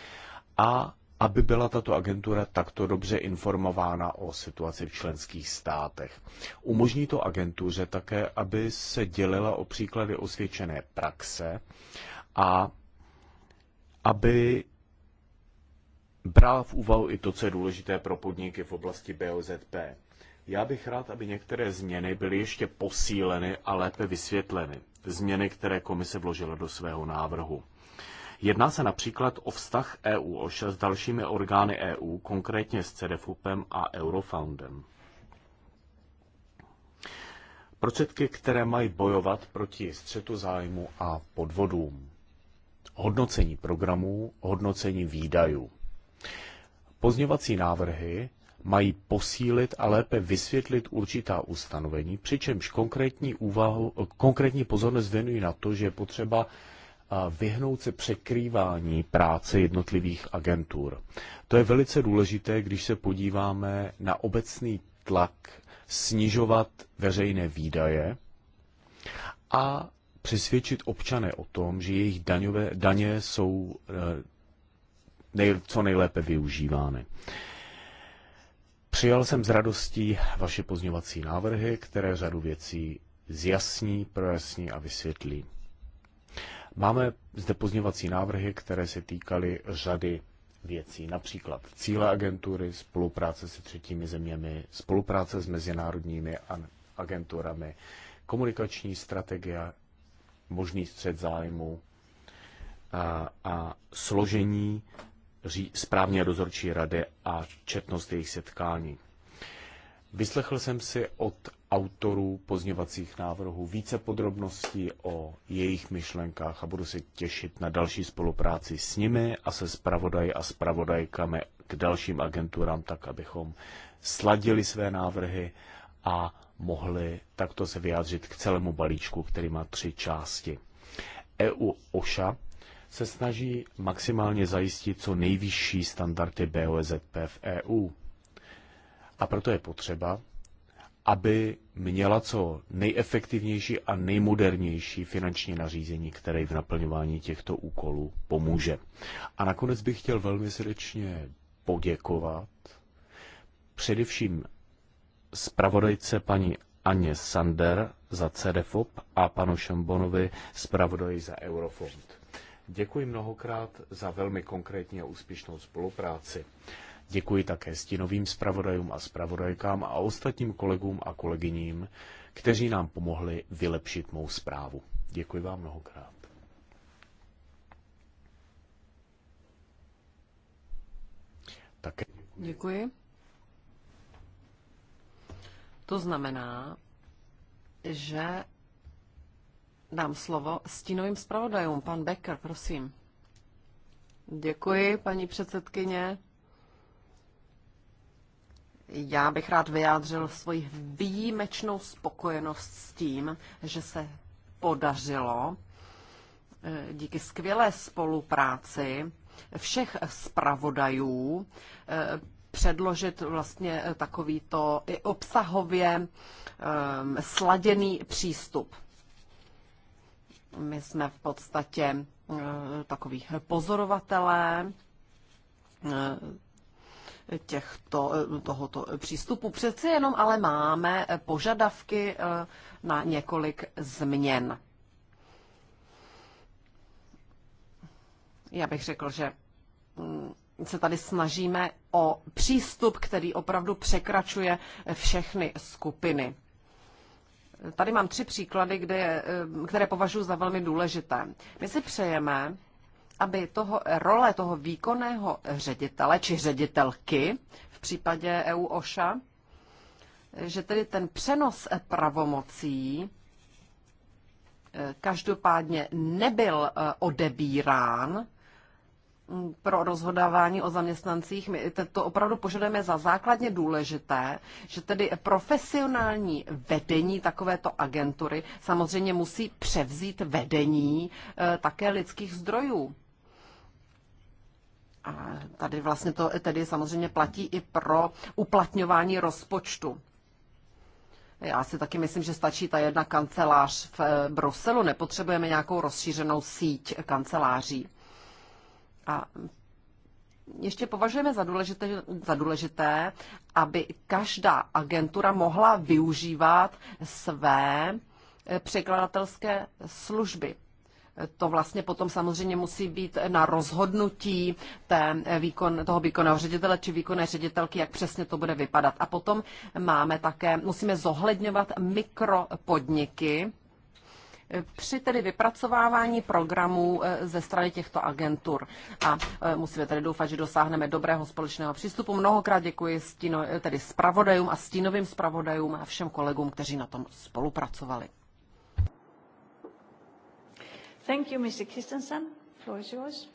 a aby byla tato agentura takto dobře informována o situaci v členských státech. Umožní to agentuře také, aby se dělila o příklady osvědčené praxe a aby brala v úvahu i to, co je důležité pro podniky v oblasti BOZP. Já bych rád, aby některé změny byly ještě posíleny a lépe vysvětleny. Změny, které komise vložila do svého návrhu. Jedná se například o vztah EU OŠA s dalšími orgány EU, konkrétně s CDFUPem a Eurofoundem. Prostředky, které mají bojovat proti střetu zájmu a podvodům. Hodnocení programů, hodnocení výdajů. Pozněvací návrhy mají posílit a lépe vysvětlit určitá ustanovení, přičemž konkrétní, úvahu, konkrétní pozornost věnují na to, že je potřeba vyhnout se překrývání práce jednotlivých agentur. To je velice důležité, když se podíváme na obecný tlak snižovat veřejné výdaje a přesvědčit občané o tom, že jejich daňové, daně jsou eh, nej, co nejlépe využívány. Přijal jsem s radostí vaše pozňovací návrhy, které řadu věcí zjasní, projasní a vysvětlí. Máme zde pozněvací návrhy, které se týkaly řady věcí, například cíle agentury, spolupráce se třetími zeměmi, spolupráce s mezinárodními agenturami, komunikační strategie, možný střed zájmu a, a složení ří, správně dozorčí rady a četnost jejich setkání. Vyslechl jsem si od autorů pozněvacích návrhů více podrobností o jejich myšlenkách a budu se těšit na další spolupráci s nimi a se zpravodaji a zpravodajkami k dalším agenturám, tak abychom sladili své návrhy a mohli takto se vyjádřit k celému balíčku, který má tři části. EU OSHA se snaží maximálně zajistit co nejvyšší standardy BOZP v EU. A proto je potřeba, aby měla co nejefektivnější a nejmodernější finanční nařízení, které v naplňování těchto úkolů pomůže. A nakonec bych chtěl velmi srdečně poděkovat především zpravodajce paní Aně Sander za CDFOP a panu Šambonovi zpravodaj za Eurofond. Děkuji mnohokrát za velmi konkrétní a úspěšnou spolupráci. Děkuji také stínovým zpravodajům a zpravodajkám a ostatním kolegům a kolegyním, kteří nám pomohli vylepšit mou zprávu. Děkuji vám mnohokrát. Také děkuji. děkuji. To znamená, že dám slovo stínovým zpravodajům. Pan Becker, prosím. Děkuji, paní předsedkyně. Já bych rád vyjádřil svoji výjimečnou spokojenost s tím, že se podařilo eh, díky skvělé spolupráci všech zpravodajů eh, předložit vlastně eh, takovýto i obsahově ehm, sladěný přístup. My jsme v podstatě takových pozorovatelé, těchto, eh, tohoto přístupu. Přece jenom ale máme eh, požadavky eh, na několik změn. Já bych řekl, že mm, se tady snažíme o přístup, který opravdu překračuje všechny skupiny. Tady mám tři příklady, kde, které považuji za velmi důležité. My si přejeme, aby toho role toho výkonného ředitele či ředitelky v případě EU OŠA, že tedy ten přenos pravomocí eh, každopádně nebyl eh, odebírán mm, pro rozhodování o zaměstnancích. My to opravdu požadujeme za základně důležité, že tedy profesionální vedení takovéto agentury samozřejmě musí převzít vedení eh, také lidských zdrojů. A tady vlastně to tedy samozřejmě platí i pro uplatňování rozpočtu. Já si taky myslím, že stačí ta jedna kancelář v eh, Bruselu. Nepotřebujeme nějakou rozšířenou síť kanceláří. A ještě považujeme za důležité, za důležité, aby každá agentura mohla využívat své eh, překladatelské služby to vlastně potom samozřejmě musí být na rozhodnutí té výkon, toho výkonného ředitele či výkonné ředitelky, jak přesně to bude vypadat. A potom máme také, musíme zohledňovat mikropodniky, při tedy vypracovávání programů eh, ze strany těchto agentur. A eh, musíme tedy doufat, že dosáhneme dobrého společného přístupu. Mnohokrát děkuji stíno, eh, tedy spravodajům a stínovým spravodajům a všem kolegům, kteří na tom spolupracovali. Thank you, Mr. Christensen. Floor is yours.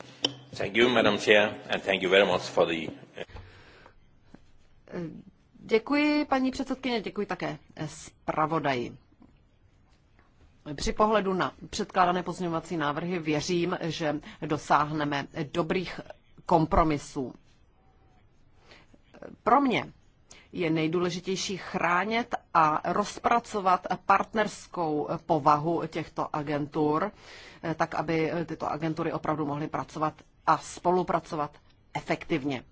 Thank you, Madam Chair, and thank you very much for the... Uh, děkuji, paní předsedkyně, děkuji také eh, zpravodaji. Při pohledu na předkládané pozměňovací návrhy věřím, že dosáhneme dobrých kompromisů. Pro mě je nejdůležitější chránit a rozpracovat partnerskou povahu těchto agentur, eh, tak aby tyto agentury opravdu mohly pracovat a spolupracovat efektivně.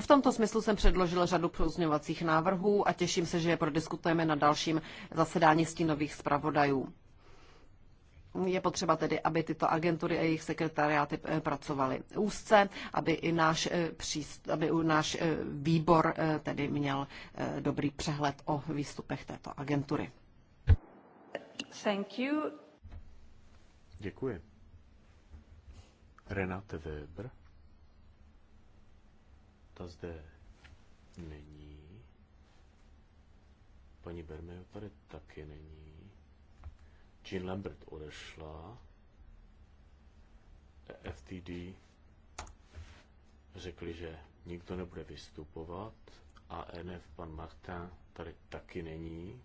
V tomto smyslu jsem předložila řadu pozměňovacích návrhů a těším se, že je prodiskutujeme na dalším zasedání stínových zpravodajů. Je potřeba tedy, aby tyto agentury a jejich sekretariáty eh, pracovaly úzce, aby i náš, eh, příst, aby náš eh, výbor tedy měl dobrý přehled o výstupech této agentury. Thank you. Děkuji. Renate Weber. Ta zde není. Paní Bermejo tady taky není. Jean Lambert odešla. E FTD řekli, že nikdo nebude vystupovat a e NF pan Martin tady taky není.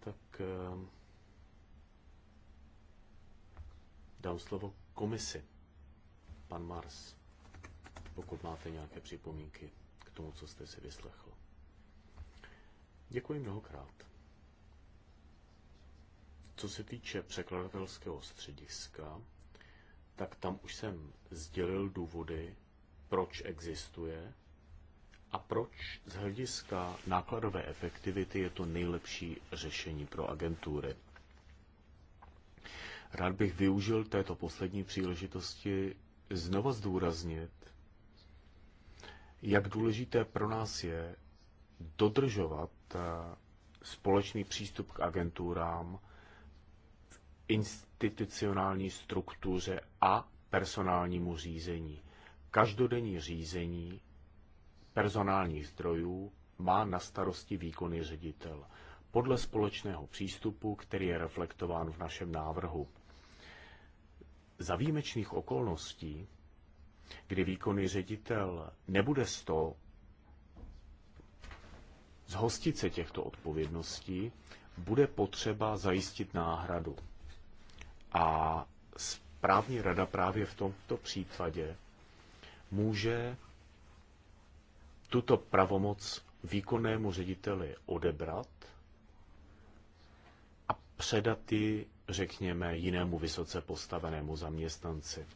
Tak eh, dám slovo komisi. Pan Mars, pokud máte nějaké připomínky k tomu, co jste si vyslechl. Děkuji mnohokrát. Co se týče překladatelského střediska, tak tam už jsem sdělil důvody, proč existuje a proč z hlediska nákladové efektivity je to nejlepší řešení pro agentury. Rád bych využil této poslední příležitosti znova zdůraznit, jak důležité pro nás je dodržovat Eh, společný přístup k agenturám v institucionální struktuře a personálnímu řízení. Každodenní řízení personálních zdrojů má na starosti výkonný ředitel podle společného přístupu, který je reflektován v našem návrhu. Za výjimečných okolností, kdy výkonný ředitel nebude 100 zhostit se těchto odpovědností, bude potřeba zajistit náhradu. A správní rada právě v tomto případě může tuto pravomoc výkonnému řediteli odebrat a předat ji, řekněme, jinému vysoce postavenému zaměstnanci.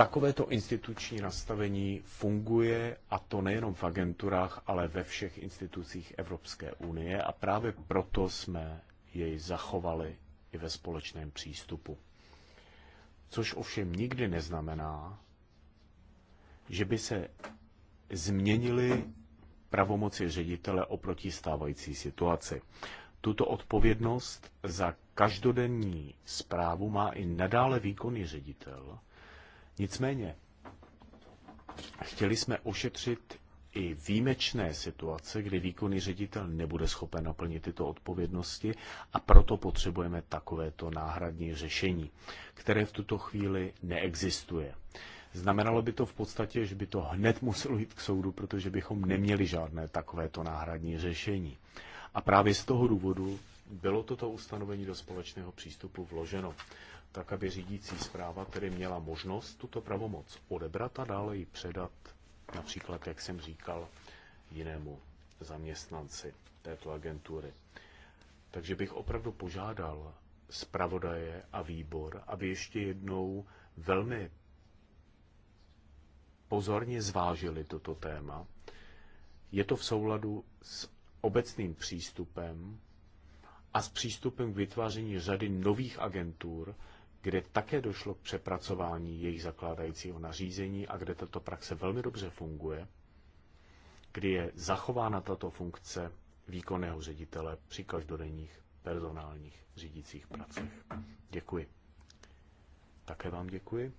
Takovéto instituční nastavení funguje a to nejenom v agenturách, ale ve všech institucích Evropské unie a právě proto jsme jej zachovali i ve společném přístupu. Což ovšem nikdy neznamená, že by se změnily pravomoci ředitele oproti stávající situaci. Tuto odpovědnost za každodenní zprávu má i nadále výkonný ředitel – Nicméně, chtěli jsme ošetřit i výjimečné situace, kdy výkonný ředitel nebude schopen naplnit tyto odpovědnosti a proto potřebujeme takovéto náhradní řešení, které v tuto chvíli neexistuje. Znamenalo by to v podstatě, že by to hned muselo jít k soudu, protože bychom neměli žádné takovéto náhradní řešení. A právě z toho důvodu bylo toto ustanovení do společného přístupu vloženo tak aby řídící zpráva tedy měla možnost tuto pravomoc odebrat a dále ji předat například, jak jsem říkal, jinému zaměstnanci této agentury. Takže bych opravdu požádal zpravodaje a výbor, aby ještě jednou velmi pozorně zvážili toto téma. Je to v souladu s obecným přístupem a s přístupem k vytváření řady nových agentur, kde také došlo k přepracování jejich zakládajícího nařízení a kde tato praxe velmi dobře funguje, kdy je zachována tato funkce výkonného ředitele při každodenních personálních řídících pracech. Děkuji. Také vám děkuji.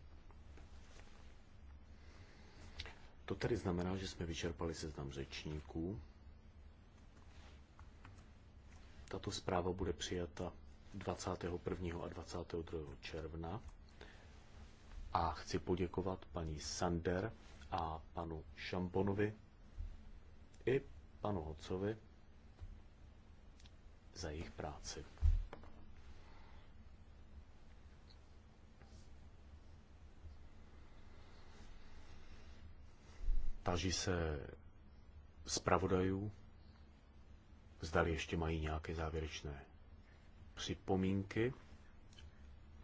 To tedy znamená, že jsme vyčerpali seznam řečníků. Tato zpráva bude přijata 21. a 22. června a chci poděkovat paní Sander a panu Šamponovi i panu Hocovi za jejich práci. Taží se zpravodajů, zdali ještě mají nějaké závěrečné připomínky?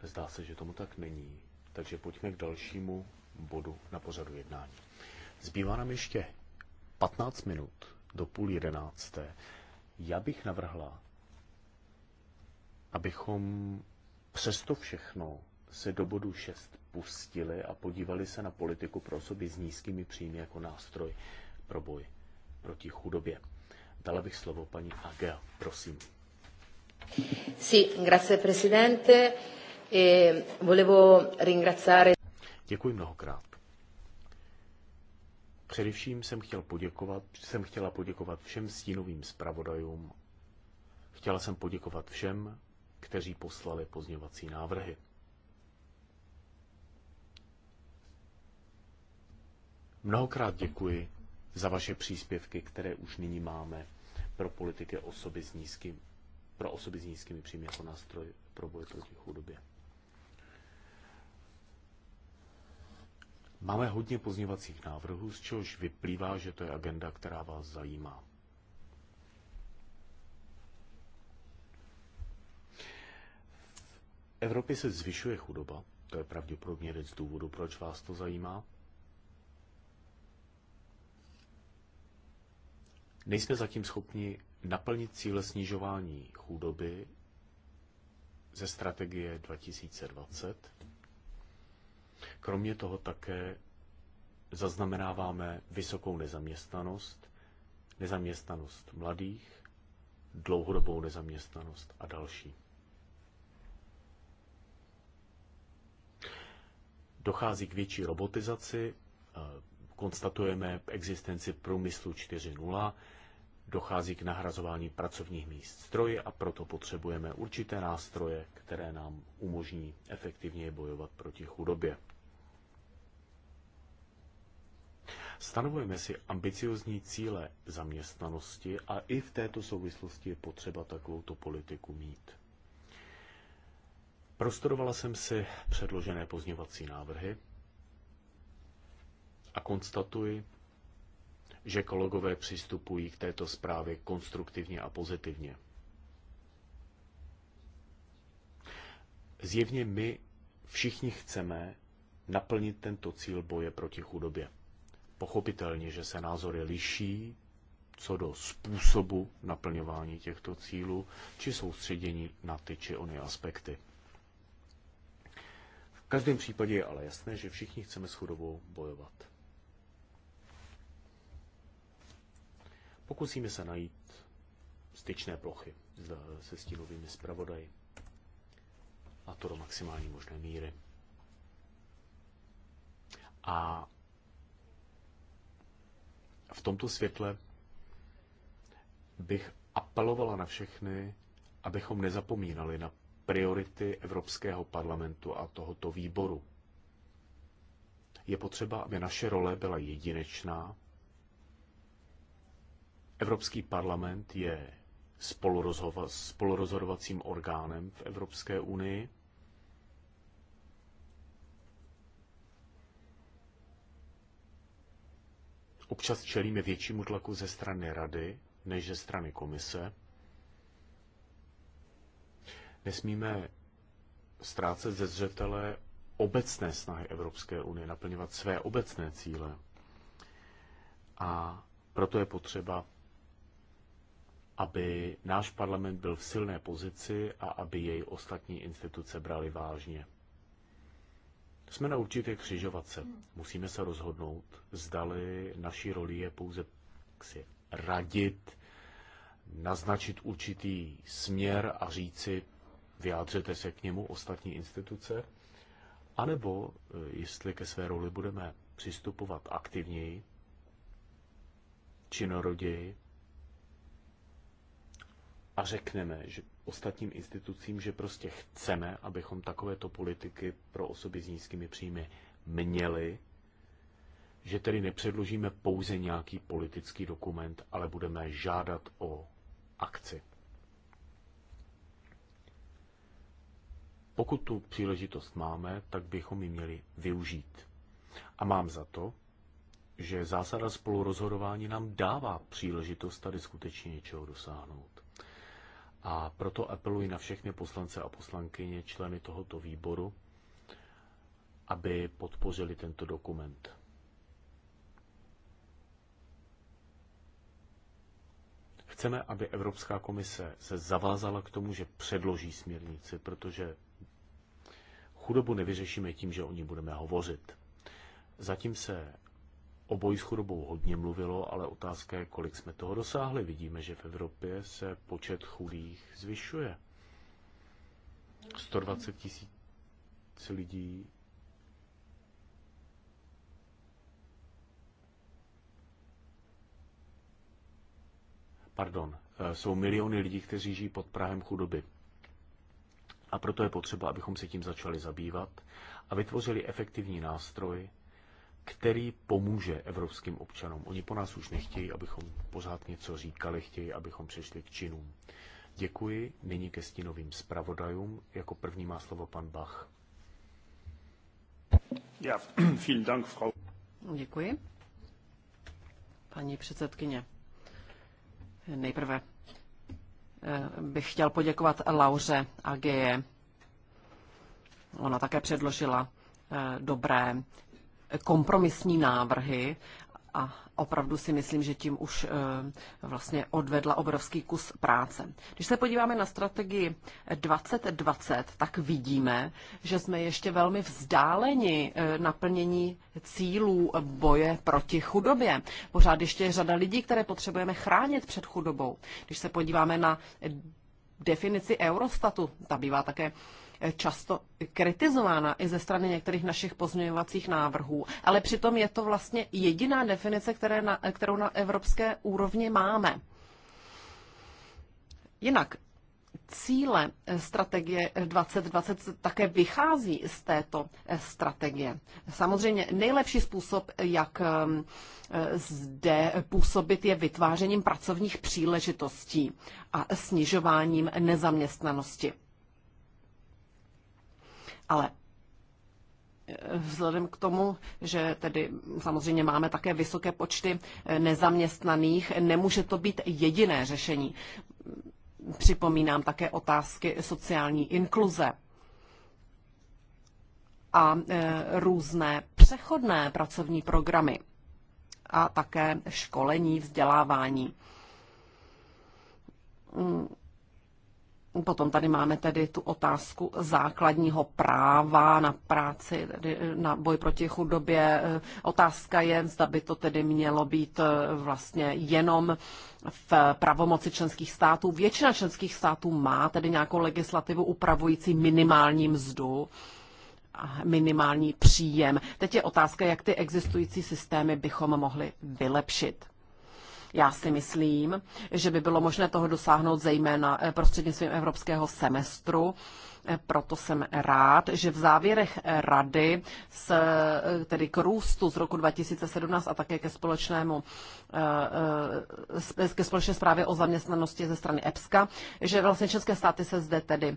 Zdá se, že tomu tak není. Takže pojďme k dalšímu bodu na pořadu jednání. Zbývá nám ještě 15 minut do půl jedenácté. Já bych navrhla, abychom přesto všechno se do bodu 6 pustili a podívali se na politiku pro osoby s nízkými příjmy jako nástroj pro boj proti chudobě. Dala bych slovo paní Agel prosím grazie presidente. E volevo ringraziare... Děkuji mnohokrát. Především jsem, chtěl poděkovat, jsem chtěla poděkovat všem stínovým zpravodajům. Chtěla jsem poděkovat všem, kteří poslali pozněvací návrhy. Mnohokrát děkuji za vaše příspěvky, které už nyní máme pro politiky osoby s nízkým, pro osoby s nízkými příjmy jako nástroj pro boj proti chudobě. Máme hodně pozněvacích návrhů, z čehož vyplývá, že to je agenda, která vás zajímá. V Evropě se zvyšuje chudoba, to je pravděpodobně jeden z důvodů, proč vás to zajímá. Nejsme zatím schopni naplnit cíle snižování chudoby ze strategie 2020. Kromě toho také zaznamenáváme vysokou nezaměstnanost, nezaměstnanost mladých, dlouhodobou nezaměstnanost a další. Dochází k větší robotizaci, eh, konstatujeme existenci průmyslu 4.0, dochází k nahrazování pracovních míst stroje a proto potřebujeme určité nástroje, které nám umožní efektivně bojovat proti chudobě. Stanovujeme si ambiciozní cíle zaměstnanosti a i v této souvislosti je potřeba takovouto politiku mít. Prostorovala jsem si předložené pozněvací návrhy a konstatuji, že kolegové přistupují k této zprávě konstruktivně a pozitivně. Zjevně my všichni chceme naplnit tento cíl boje proti chudobě. Pochopitelně, že se názory liší co do způsobu naplňování těchto cílů, či soustředění na ty či ony aspekty. V každém případě je ale jasné, že všichni chceme s chudobou bojovat. Pokusíme se najít styčné plochy se stínovými zpravodaji. A to do maximální možné míry. A v tomto světle bych apelovala na všechny, abychom nezapomínali na priority Evropského parlamentu a tohoto výboru. Je potřeba, aby naše role byla jedinečná, Evropský parlament je spolurozhodovacím orgánem v Evropské unii. Občas čelíme většímu tlaku ze strany rady než ze strany komise. Nesmíme ztrácet ze zřetele obecné snahy Evropské unie naplňovat své obecné cíle. A proto je potřeba aby náš parlament byl v silné pozici a aby jej ostatní instituce brali vážně. Jsme na určité křižovatce. Musíme se rozhodnout, zdali naší roli je pouze si radit, naznačit určitý směr a říci, vyjádřete se k němu ostatní instituce, anebo eh, jestli ke své roli budeme přistupovat aktivněji, činoroději, a řekneme že ostatním institucím, že prostě chceme, abychom takovéto politiky pro osoby s nízkými příjmy měli, že tedy nepředložíme pouze nějaký politický dokument, ale budeme žádat o akci. Pokud tu příležitost máme, tak bychom ji měli využít. A mám za to, že zásada spolurozhodování nám dává příležitost tady skutečně něčeho dosáhnout. A proto apeluji na všechny poslance a poslankyně, členy tohoto výboru, aby podpořili tento dokument. Chceme, aby Evropská komise se zavázala k tomu, že předloží směrnici, protože chudobu nevyřešíme tím, že o ní budeme hovořit. Zatím se O boji s chudobou hodně mluvilo, ale otázka je, kolik jsme toho dosáhli. Vidíme, že v Evropě se počet chudých zvyšuje. 120 tisíc lidí pardon, eh, jsou miliony lidí, kteří žijí pod Prahem chudoby. A proto je potřeba, abychom se tím začali zabývat a vytvořili efektivní nástroj, který pomůže evropským občanům. Oni po nás už nechtějí, abychom pořád něco říkali, chtějí, abychom přešli k činům. Děkuji. Nyní ke stínovým zpravodajům. Jako první má slovo pan Bach. Ja, vielen Dank, Frau. Děkuji. Paní předsedkyně, nejprve eh, bych chtěl poděkovat Lauře Ageje. Ona také předložila eh, dobré kompromisní návrhy a opravdu si myslím, že tím už eh, vlastně odvedla obrovský kus práce. Když se podíváme na strategii 2020, tak vidíme, že jsme ještě velmi vzdáleni eh, naplnění cílů boje proti chudobě. Pořád ještě je řada lidí, které potřebujeme chránit před chudobou. Když se podíváme na definici Eurostatu, ta bývá také často kritizována i ze strany některých našich pozměňovacích návrhů, ale přitom je to vlastně jediná definice, které na, kterou na evropské úrovni máme. Jinak cíle strategie 2020 také vychází z této strategie. Samozřejmě nejlepší způsob, jak um, zde působit, je vytvářením pracovních příležitostí a snižováním nezaměstnanosti. Ale eh, vzhledem k tomu, že tedy samozřejmě máme také vysoké počty eh, nezaměstnaných, nemůže to být jediné řešení. Připomínám také otázky sociální inkluze a eh, různé přechodné pracovní programy a také školení, vzdělávání mm. Potom tady máme tedy tu otázku základního práva na práci, tedy na boj proti chudobě. Otázka je, zda by to tedy mělo být eh, vlastně jenom v pravomoci členských států. Většina členských států má tedy nějakou legislativu upravující minimální mzdu minimální příjem. Teď je otázka, jak ty existující systémy bychom mohli vylepšit. Já si myslím, že by bylo možné toho dosáhnout zejména eh, prostřednictvím evropského semestru. Eh, proto jsem rád, že v závěrech eh, rady s, tedy k růstu z roku 2017 a také ke společnému ke společné zprávě o zaměstnanosti ze strany EPSKA, že vlastně české státy se zde tedy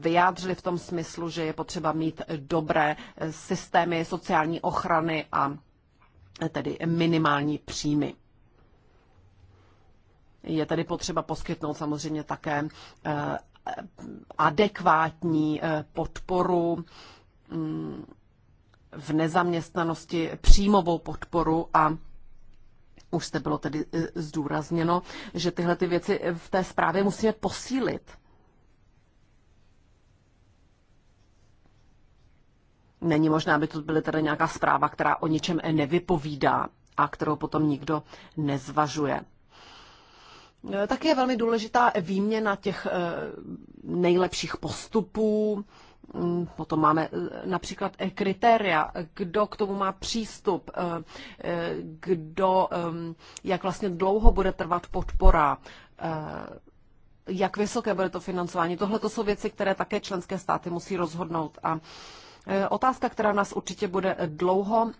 vyjádřily v tom smyslu, že je potřeba mít dobré systémy sociální ochrany a tedy minimální příjmy. Je tedy potřeba poskytnout samozřejmě také eh, adekvátní eh, podporu mm, v nezaměstnanosti, přímovou podporu a už jste bylo tedy eh, zdůrazněno, že tyhle ty věci v té zprávě musíme posílit. Není možné, aby to byla tedy nějaká zpráva, která o ničem nevypovídá a kterou potom nikdo nezvažuje. Eh, také je velmi důležitá výměna těch eh, nejlepších postupů. Mm, potom máme eh, například kritéria, kdo k tomu má přístup, kdo, ehm, jak vlastně dlouho bude trvat podpora, jak vysoké bude to financování. Tohle to jsou věci, které také členské státy musí rozhodnout. A otázka, která nás určitě bude dlouho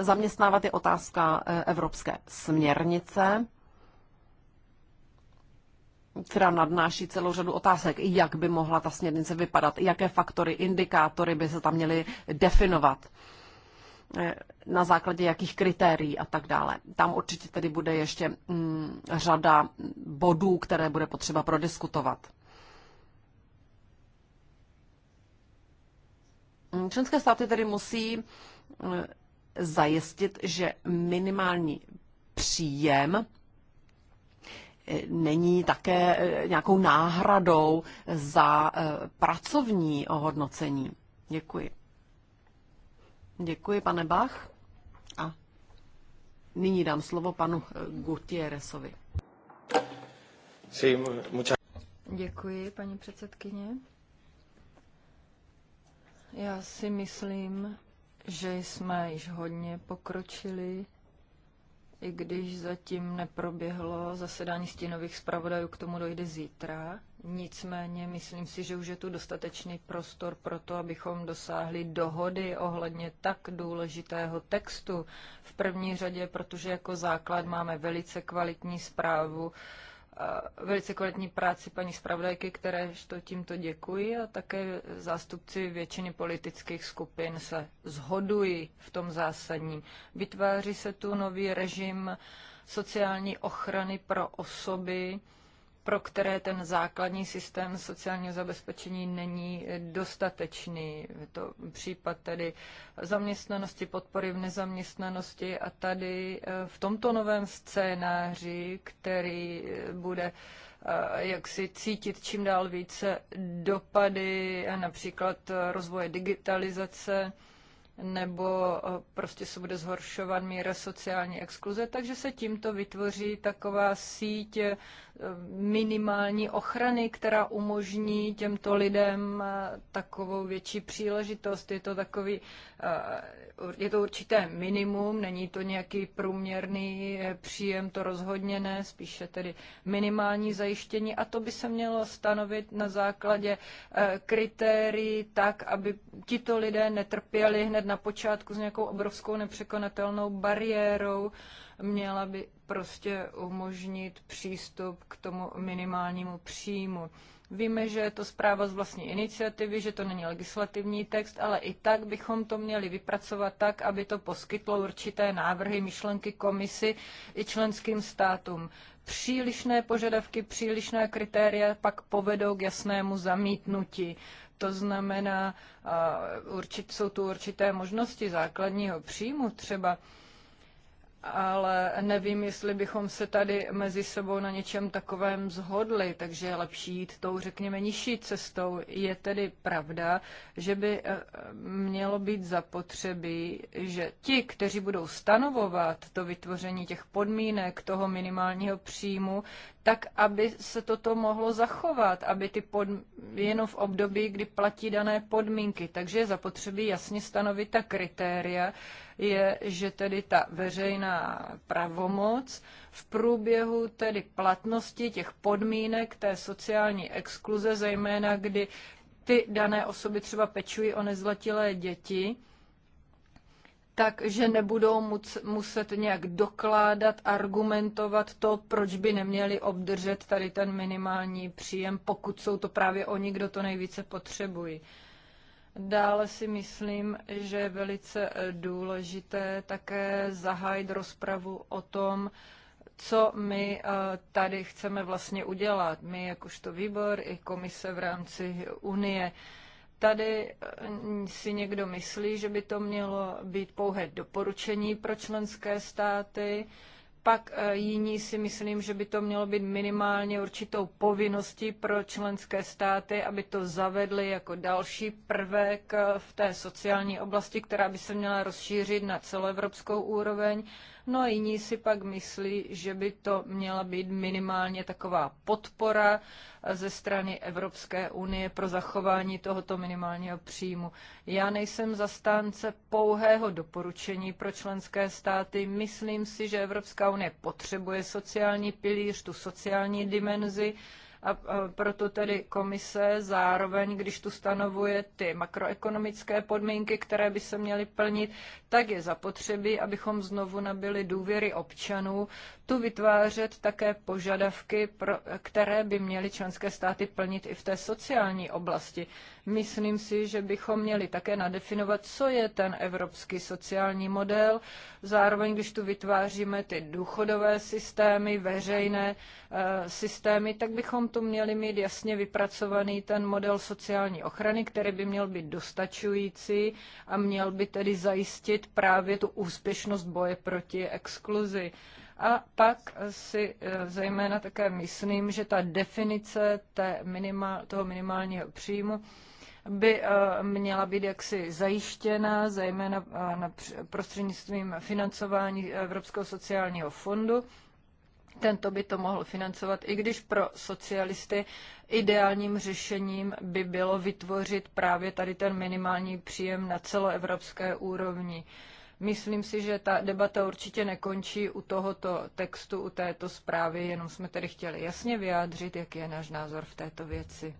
zaměstnávat, je otázka evropské směrnice která nadnáší celou řadu otázek, jak by mohla ta směrnice vypadat, jaké faktory, indikátory by se tam měly definovat, eh, na základě jakých kritérií a tak dále. Tam určitě tedy bude ještě mm, řada bodů, které bude potřeba prodiskutovat. Mm, členské státy tedy musí eh, zajistit, že minimální příjem není také eh, nějakou náhradou za eh, pracovní ohodnocení. Děkuji. Děkuji, pane Bach. A nyní dám slovo panu eh, Gutierrezovi. Děkuji, paní předsedkyně. Já si myslím, že jsme již hodně pokročili i když zatím neproběhlo zasedání stínových zpravodajů, k tomu dojde zítra. Nicméně myslím si, že už je tu dostatečný prostor pro to, abychom dosáhli dohody ohledně tak důležitého textu. V první řadě, protože jako základ máme velice kvalitní zprávu Eh, velice kvalitní práci paní zpravodajky, které to tímto děkuji a také zástupci většiny politických skupin se zhodují v tom zásadním. Vytváří se tu nový režim sociální ochrany pro osoby, pro které ten základní systém sociálního zabezpečení není dostatečný. Je to případ tedy zaměstnanosti, podpory v nezaměstnanosti a tady eh, v tomto novém scénáři, který eh, bude eh, jak si cítit čím dál více dopady například rozvoje digitalizace, nebo eh, prostě se bude zhoršovat míra sociální exkluze, takže se tímto vytvoří taková síť eh, minimální ochrany, která umožní těmto lidem eh, takovou větší příležitost. Je to takový je to určité minimum, není to nějaký průměrný eh, příjem, to rozhodně ne, spíše tedy minimální zajištění a to by se mělo stanovit na základě eh, kritérií tak, aby tito lidé netrpěli hned na počátku s nějakou obrovskou nepřekonatelnou bariérou, měla by prostě umožnit přístup k tomu minimálnímu příjmu. Víme, že je to zpráva z vlastní iniciativy, že to není legislativní text, ale i tak bychom to měli vypracovat tak, aby to poskytlo určité návrhy, myšlenky komisy i členským státům. Přílišné požadavky, přílišné kritéria pak povedou k jasnému zamítnutí. To znamená, určit, jsou tu určité možnosti základního příjmu třeba ale nevím, jestli bychom se tady mezi sebou na něčem takovém zhodli, takže je lepší jít tou, řekněme, nižší cestou. Je tedy pravda, že by eh, mělo být zapotřebí, že ti, kteří budou stanovovat to vytvoření těch podmínek toho minimálního příjmu, tak aby se toto mohlo zachovat, aby ty pod, jenom v období, kdy platí dané podmínky. Takže je zapotřebí jasně stanovit ta kritéria, je, že tedy ta veřejná pravomoc v průběhu tedy platnosti těch podmínek té sociální exkluze, zejména kdy ty dané osoby třeba pečují o nezletilé děti, takže nebudou muset nějak dokládat, argumentovat to, proč by neměli obdržet tady ten minimální příjem, pokud jsou to právě oni, kdo to nejvíce potřebují. Dále si myslím, že je velice eh, důležité také zahájit rozpravu o tom, co my eh, tady chceme vlastně udělat. My jakožto výbor i komise v rámci Unie. Tady eh, si někdo myslí, že by to mělo být pouhé doporučení pro členské státy, pak e, jiní si myslím, že by to mělo být minimálně určitou povinností pro členské státy, aby to zavedly jako další prvek e, v té sociální oblasti, která by se měla rozšířit na celoevropskou úroveň. No a jiní si pak myslí, že by to měla být minimálně taková podpora ze strany Evropské unie pro zachování tohoto minimálního příjmu. Já nejsem zastánce pouhého doporučení pro členské státy. Myslím si, že Evropská unie potřebuje sociální pilíř, tu sociální dimenzi, a proto tedy komise zároveň, když tu stanovuje ty makroekonomické podmínky, které by se měly plnit, tak je zapotřebí, abychom znovu nabili důvěry občanů, tu vytvářet také požadavky, pro, které by měly členské státy plnit i v té sociální oblasti. Myslím si, že bychom měli také nadefinovat, co je ten evropský sociální model. Zároveň, když tu vytváříme ty důchodové systémy, veřejné e, systémy, tak bychom tu měli mít jasně vypracovaný ten model sociální ochrany, který by měl být dostačující a měl by tedy zajistit právě tu úspěšnost boje proti exkluzi. A pak si eh, zejména také myslím, že ta definice té minimál, toho minimálního příjmu by eh, měla být jaksi zajištěna, zejména eh, prostřednictvím financování Evropského sociálního fondu tento by to mohl financovat, i když pro socialisty ideálním řešením by bylo vytvořit právě tady ten minimální příjem na celoevropské úrovni. Myslím si, že ta debata určitě nekončí u tohoto textu, u této zprávy, jenom jsme tedy chtěli jasně vyjádřit, jaký je náš názor v této věci.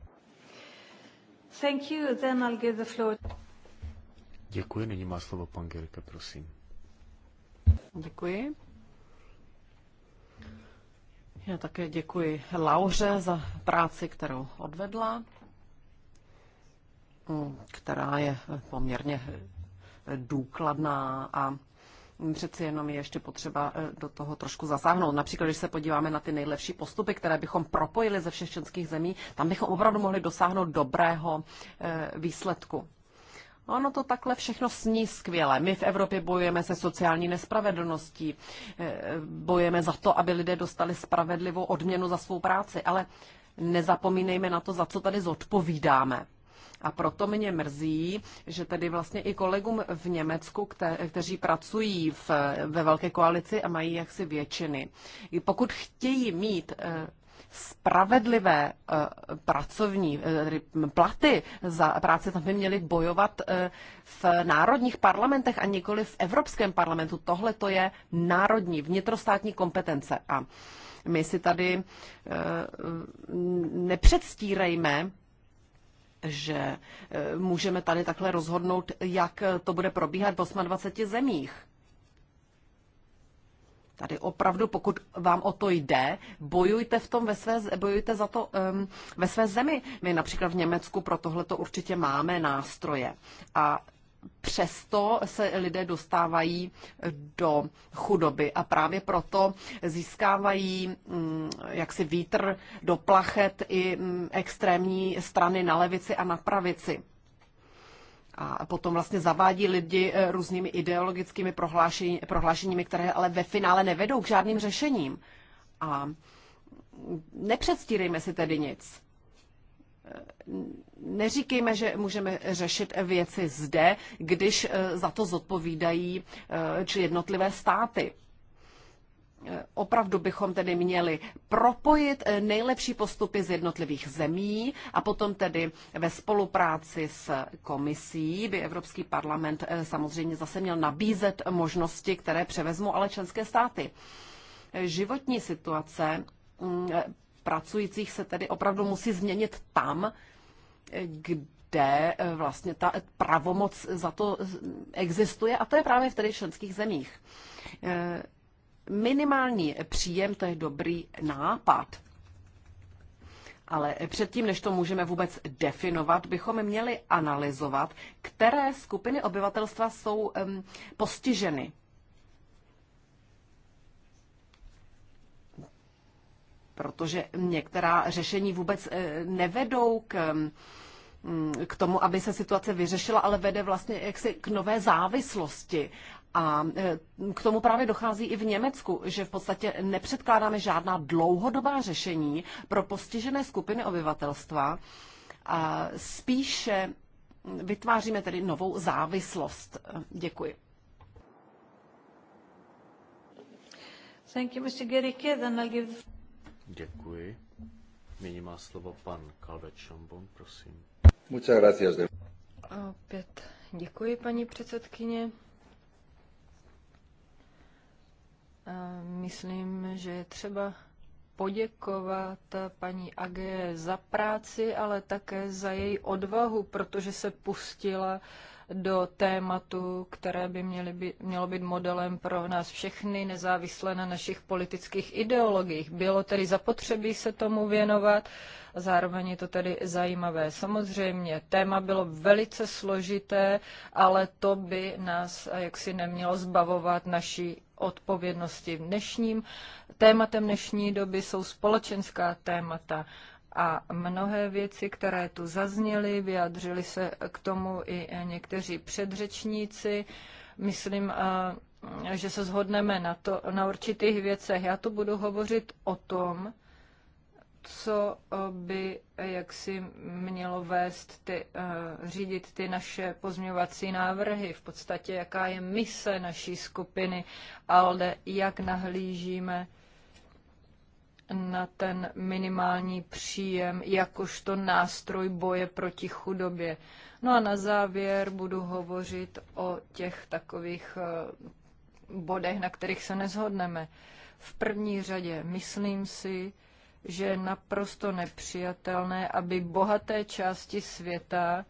Thank you. Then I'll give the floor. Děkuji, nyní má slovo pan Gerke, prosím. Děkuji. Já také děkuji Lauře za práci, kterou odvedla, mm, která je poměrně důkladná a přeci jenom je ještě potřeba eh, do toho trošku zasáhnout. Například, když se podíváme na ty nejlepší postupy, které bychom propojili ze všech členských zemí, tam bychom opravdu mohli dosáhnout dobrého eh, výsledku. Ano, to takhle všechno sní skvěle. My v Evropě bojujeme se sociální nespravedlností, eh, bojujeme za to, aby lidé dostali spravedlivou odměnu za svou práci, ale nezapomínejme na to, za co tady zodpovídáme. A proto mě mrzí, že tedy vlastně i kolegům v Německu, kte, kteří pracují v, ve velké koalici a mají jaksi většiny, pokud chtějí mít eh, spravedlivé eh, pracovní eh, platy za práci, tam by měli bojovat eh, v národních parlamentech a nikoli v Evropském parlamentu. Tohle to je národní, vnitrostátní kompetence. A my si tady nepředstírejme, že můžeme tady takhle rozhodnout, jak to bude probíhat v 28 zemích. Tady opravdu, pokud vám o to jde, bojujte, v tom ve své, bojujte za to um, ve své zemi. My například v Německu pro tohle to určitě máme nástroje. A přesto se lidé dostávají do chudoby a právě proto získávají mm, jaksi vítr do plachet i mm, extrémní strany na levici a na pravici a potom vlastně zavádí lidi eh, různými ideologickými prohlášení, prohlášeními, které ale ve finále nevedou k žádným řešením. A nepředstírejme si tedy nic. Eh, neříkejme, že můžeme řešit věci zde, když eh, za to zodpovídají či jednotlivé státy. Opravdu bychom tedy měli propojit eh, nejlepší postupy z jednotlivých zemí a potom tedy ve spolupráci s komisí by Evropský parlament eh, samozřejmě zase měl nabízet možnosti, které převezmou ale členské státy. Eh, životní situace mm, pracujících se tedy opravdu musí změnit tam, kde vlastně ta pravomoc za to existuje a to je právě v tedy členských zemích minimální příjem, to je dobrý nápad. Ale předtím, než to můžeme vůbec definovat, bychom měli analyzovat, které skupiny obyvatelstva jsou um, postiženy. Protože některá řešení vůbec e, nevedou k, k tomu, aby se situace vyřešila, ale vede vlastně jaksi k nové závislosti a e, k tomu právě dochází i v Německu, že v podstatě nepředkládáme žádná dlouhodobá řešení pro postižené skupiny obyvatelstva, a spíše vytváříme tedy novou závislost. Děkuji. Thank you, Mr. Then I'll give... Děkuji. Nyní má slovo pan Kalvet Šambon, prosím. Muchas gracias. Opět děkuji, paní předsedkyně. Myslím, že je třeba poděkovat paní Age za práci, ale také za její odvahu, protože se pustila do tématu, které by měly být, mělo být modelem pro nás všechny, nezávisle na našich politických ideologiích. Bylo tedy zapotřebí se tomu věnovat a zároveň je to tedy zajímavé. Samozřejmě, téma bylo velice složité, ale to by nás eh, jaksi nemělo zbavovat naší odpovědnosti. V dnešním tématem dnešní doby jsou společenská témata a mnohé věci, které tu zazněly, vyjadřili se k tomu i někteří předřečníci. Myslím, že se shodneme na, to, na určitých věcech. Já tu budu hovořit o tom, co eh, by eh, jaksi mělo vést ty, eh, řídit ty naše pozměňovací návrhy, v podstatě jaká je mise naší skupiny ALDE, jak nahlížíme na ten minimální příjem jakožto nástroj boje proti chudobě. No a na závěr budu hovořit o těch takových bodech, na kterých se nezhodneme. V první řadě myslím si, že je naprosto nepřijatelné, aby bohaté části světa,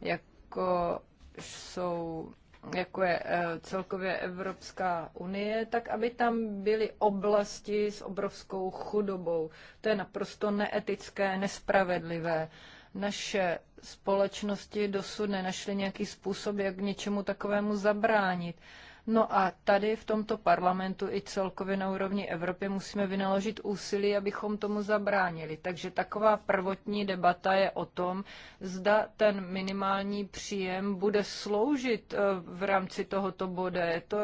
jako jsou jako je eh, celkově Evropská unie, tak aby tam byly oblasti s obrovskou chudobou. To je naprosto neetické, nespravedlivé. Naše společnosti dosud nenašly nějaký způsob, jak něčemu takovému zabránit. No a tady v tomto parlamentu i celkově na úrovni Evropy musíme vynaložit úsilí, abychom tomu zabránili. Takže taková prvotní debata je o tom, zda ten minimální příjem bude sloužit eh, v rámci tohoto bode. To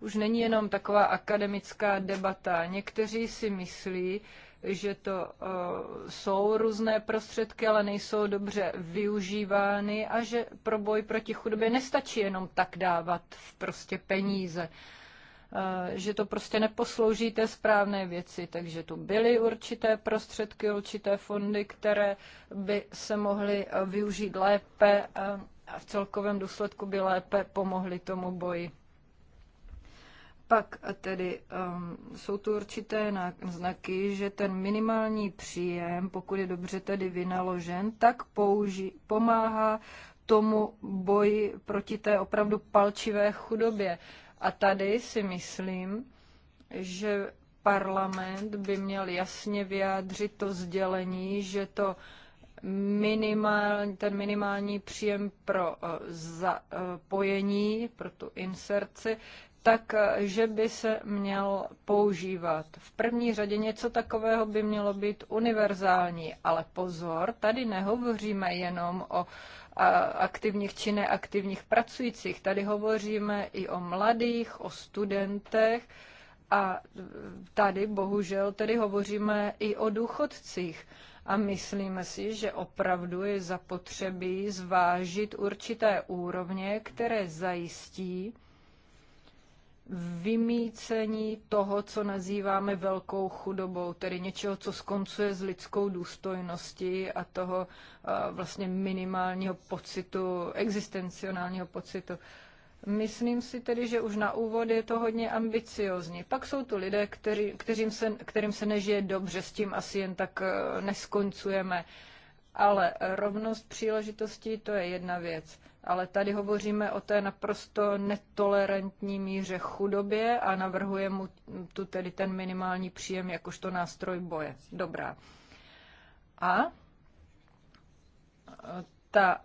už není jenom taková akademická debata. Někteří si myslí, že to eh, jsou různé prostředky, ale nejsou dobře využívány a že pro boj proti chudobě nestačí jenom tak dávat prostě peníze eh, že to prostě neposlouží té správné věci. Takže tu byly určité prostředky, určité fondy, které by se mohly eh, využít lépe a v celkovém důsledku by lépe pomohly tomu boji. Pak tedy um, jsou tu určité znaky, že ten minimální příjem, pokud je dobře tedy vynaložen, tak použi- pomáhá tomu boji proti té opravdu palčivé chudobě. A tady si myslím, že parlament by měl jasně vyjádřit to sdělení, že to minimál, ten minimální příjem pro uh, zapojení, uh, pro tu inserci, tak eh, že by se měl používat. V první řadě něco takového by mělo být univerzální, ale pozor, tady nehovoříme jenom o aktivních či neaktivních pracujících, tady hovoříme i o mladých, o studentech a tady bohužel tedy hovoříme i o důchodcích a myslíme si, že opravdu je zapotřebí zvážit určité úrovně, které zajistí, vymícení toho, co nazýváme velkou chudobou, tedy něčeho, co skoncuje s lidskou důstojností a toho eh, vlastně minimálního pocitu, existencionálního pocitu. Myslím si tedy, že už na úvod je to hodně ambiciozní. Pak jsou tu lidé, který, kterým, se, kterým se nežije dobře, s tím asi jen tak eh, neskoncujeme. Ale rovnost příležitostí to je jedna věc. Ale tady hovoříme o té naprosto netolerantní míře chudobě a navrhuje mu tu tedy ten minimální příjem jakožto nástroj boje. Dobrá. A ta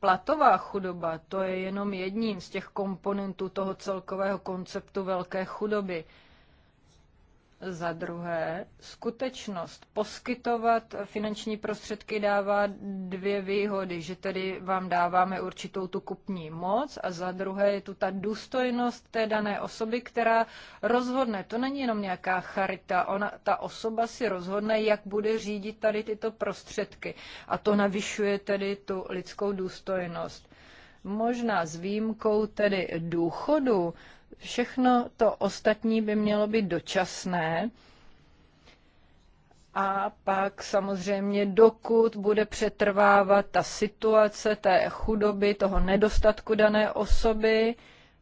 platová chudoba, to je jenom jedním z těch komponentů toho celkového konceptu velké chudoby. Za druhé, skutečnost poskytovat finanční prostředky dává dvě výhody, že tedy vám dáváme určitou tu kupní moc a za druhé je tu ta důstojnost té dané osoby, která rozhodne. To není jenom nějaká charita, ona, ta osoba si rozhodne, jak bude řídit tady tyto prostředky a to navyšuje tedy tu lidskou důstojnost. Možná s výjimkou tedy důchodu, Všechno to ostatní by mělo být dočasné. A pak samozřejmě, dokud bude přetrvávat ta situace té chudoby, toho nedostatku dané osoby,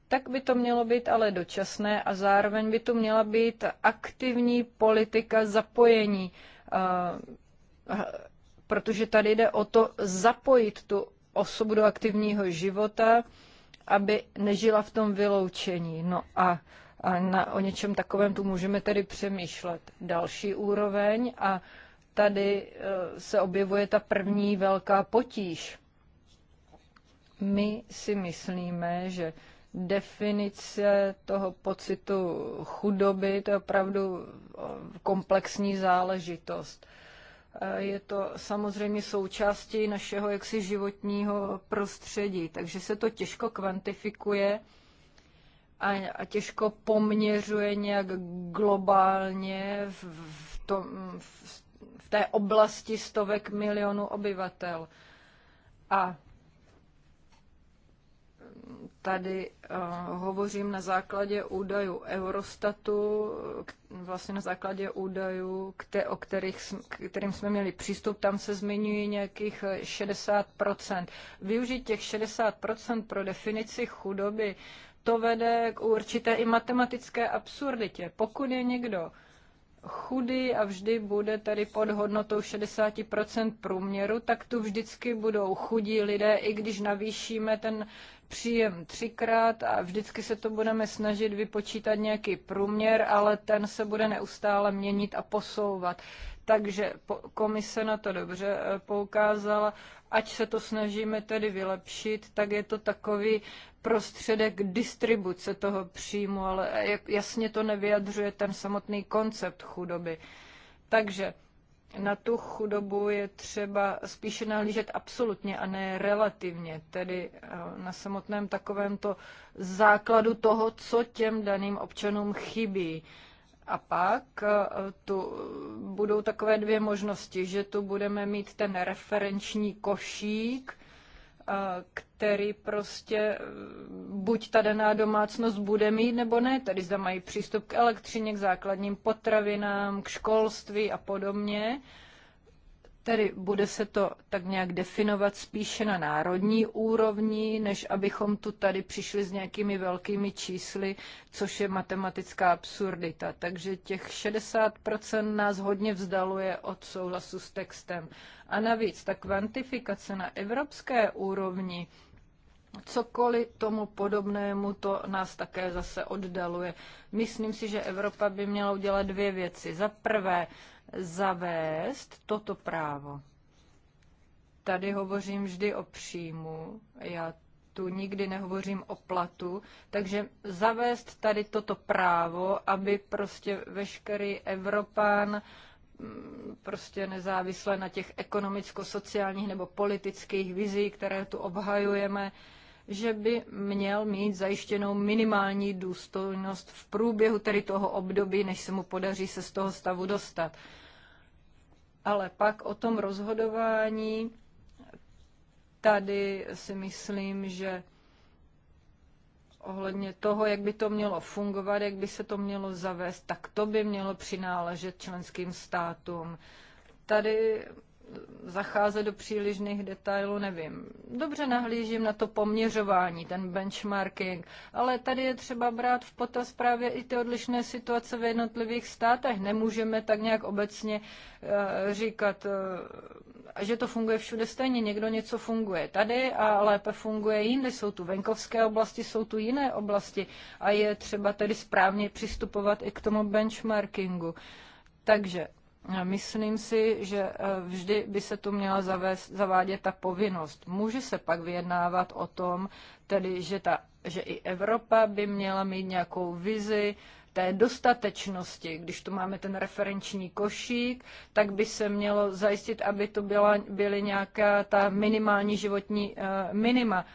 tak by to mělo být ale dočasné a zároveň by tu měla být aktivní politika zapojení, eh, protože tady jde o to zapojit tu osobu do aktivního života, aby nežila v tom vyloučení. No a a na, o něčem takovém tu můžeme tedy přemýšlet. Další úroveň a tady e, se objevuje ta první velká potíž. My si myslíme, že definice toho pocitu chudoby to je opravdu e, komplexní záležitost. Eh, je to samozřejmě součástí našeho jaksi životního prostředí, takže se to těžko kvantifikuje a, a těžko poměřuje nějak globálně v, v, tom, v, v té oblasti stovek milionů obyvatel. A tady eh, hovořím na základě údajů Eurostatu, vlastně na základě údajů, kte, o kterých, kterým jsme měli přístup, tam se zmiňuje nějakých 60%. Eh, Využít těch 60% pro definici chudoby, to vede k určité i matematické absurditě. Pokud je někdo chudý a vždy bude tady pod hodnotou 60% průměru, tak tu vždycky budou chudí lidé, i když navýšíme ten příjem třikrát a vždycky se to budeme snažit vypočítat nějaký průměr, ale ten se bude neustále měnit a posouvat. Takže komise na to dobře eh, poukázala. Ať se to snažíme tedy vylepšit, tak je to takový prostředek distribuce toho příjmu, ale eh, jasně to nevyjadřuje ten samotný koncept chudoby. Takže na tu chudobu je třeba spíše nahlížet absolutně a ne relativně, tedy eh, na samotném takovémto základu toho, co těm daným občanům chybí. A pak eh, tu budou takové dvě možnosti, že tu budeme mít ten referenční košík, který prostě eh, buď ta daná domácnost bude mít nebo ne, tedy zda mají přístup k elektřině, k základním potravinám, k školství a podobně. Uh, Tedy bude se to tak nějak definovat spíše na národní úrovni, než abychom tu tady přišli s nějakými velkými čísly, což je matematická absurdita. Takže těch 60% nás hodně vzdaluje od souhlasu s textem. A navíc ta kvantifikace na evropské úrovni, cokoliv tomu podobnému, to nás také zase oddaluje. Myslím si, že Evropa by měla udělat dvě věci. Za prvé, zavést toto právo. Tady hovořím vždy o příjmu, já tu nikdy nehovořím o platu, takže zavést tady toto právo, aby prostě veškerý Evropán mm, prostě nezávisle na těch ekonomicko-sociálních nebo politických vizí, které tu obhajujeme, že by měl mít zajištěnou minimální důstojnost v průběhu tedy toho období, než se mu podaří se z toho stavu dostat ale pak o tom rozhodování tady si myslím, že ohledně toho, jak by to mělo fungovat, jak by se to mělo zavést, tak to by mělo přináležet členským státům. Tady zacházet do přílišných detailů, nevím. Dobře nahlížím na to poměřování, ten benchmarking, ale tady je třeba brát v potaz právě i ty odlišné situace v jednotlivých státech. Nemůžeme tak nějak obecně eh, říkat, eh, že to funguje všude stejně. Někdo něco funguje tady a lépe funguje jinde. Jsou tu venkovské oblasti, jsou tu jiné oblasti a je třeba tedy správně přistupovat i k tomu benchmarkingu. Takže Myslím si, že e, vždy by se tu měla zavést, zavádět ta povinnost. Může se pak vyjednávat o tom, tedy, že, ta, že i Evropa by měla mít nějakou vizi té dostatečnosti. Když tu máme ten referenční košík, tak by se mělo zajistit, aby to byla, byly nějaká ta minimální životní e, minima.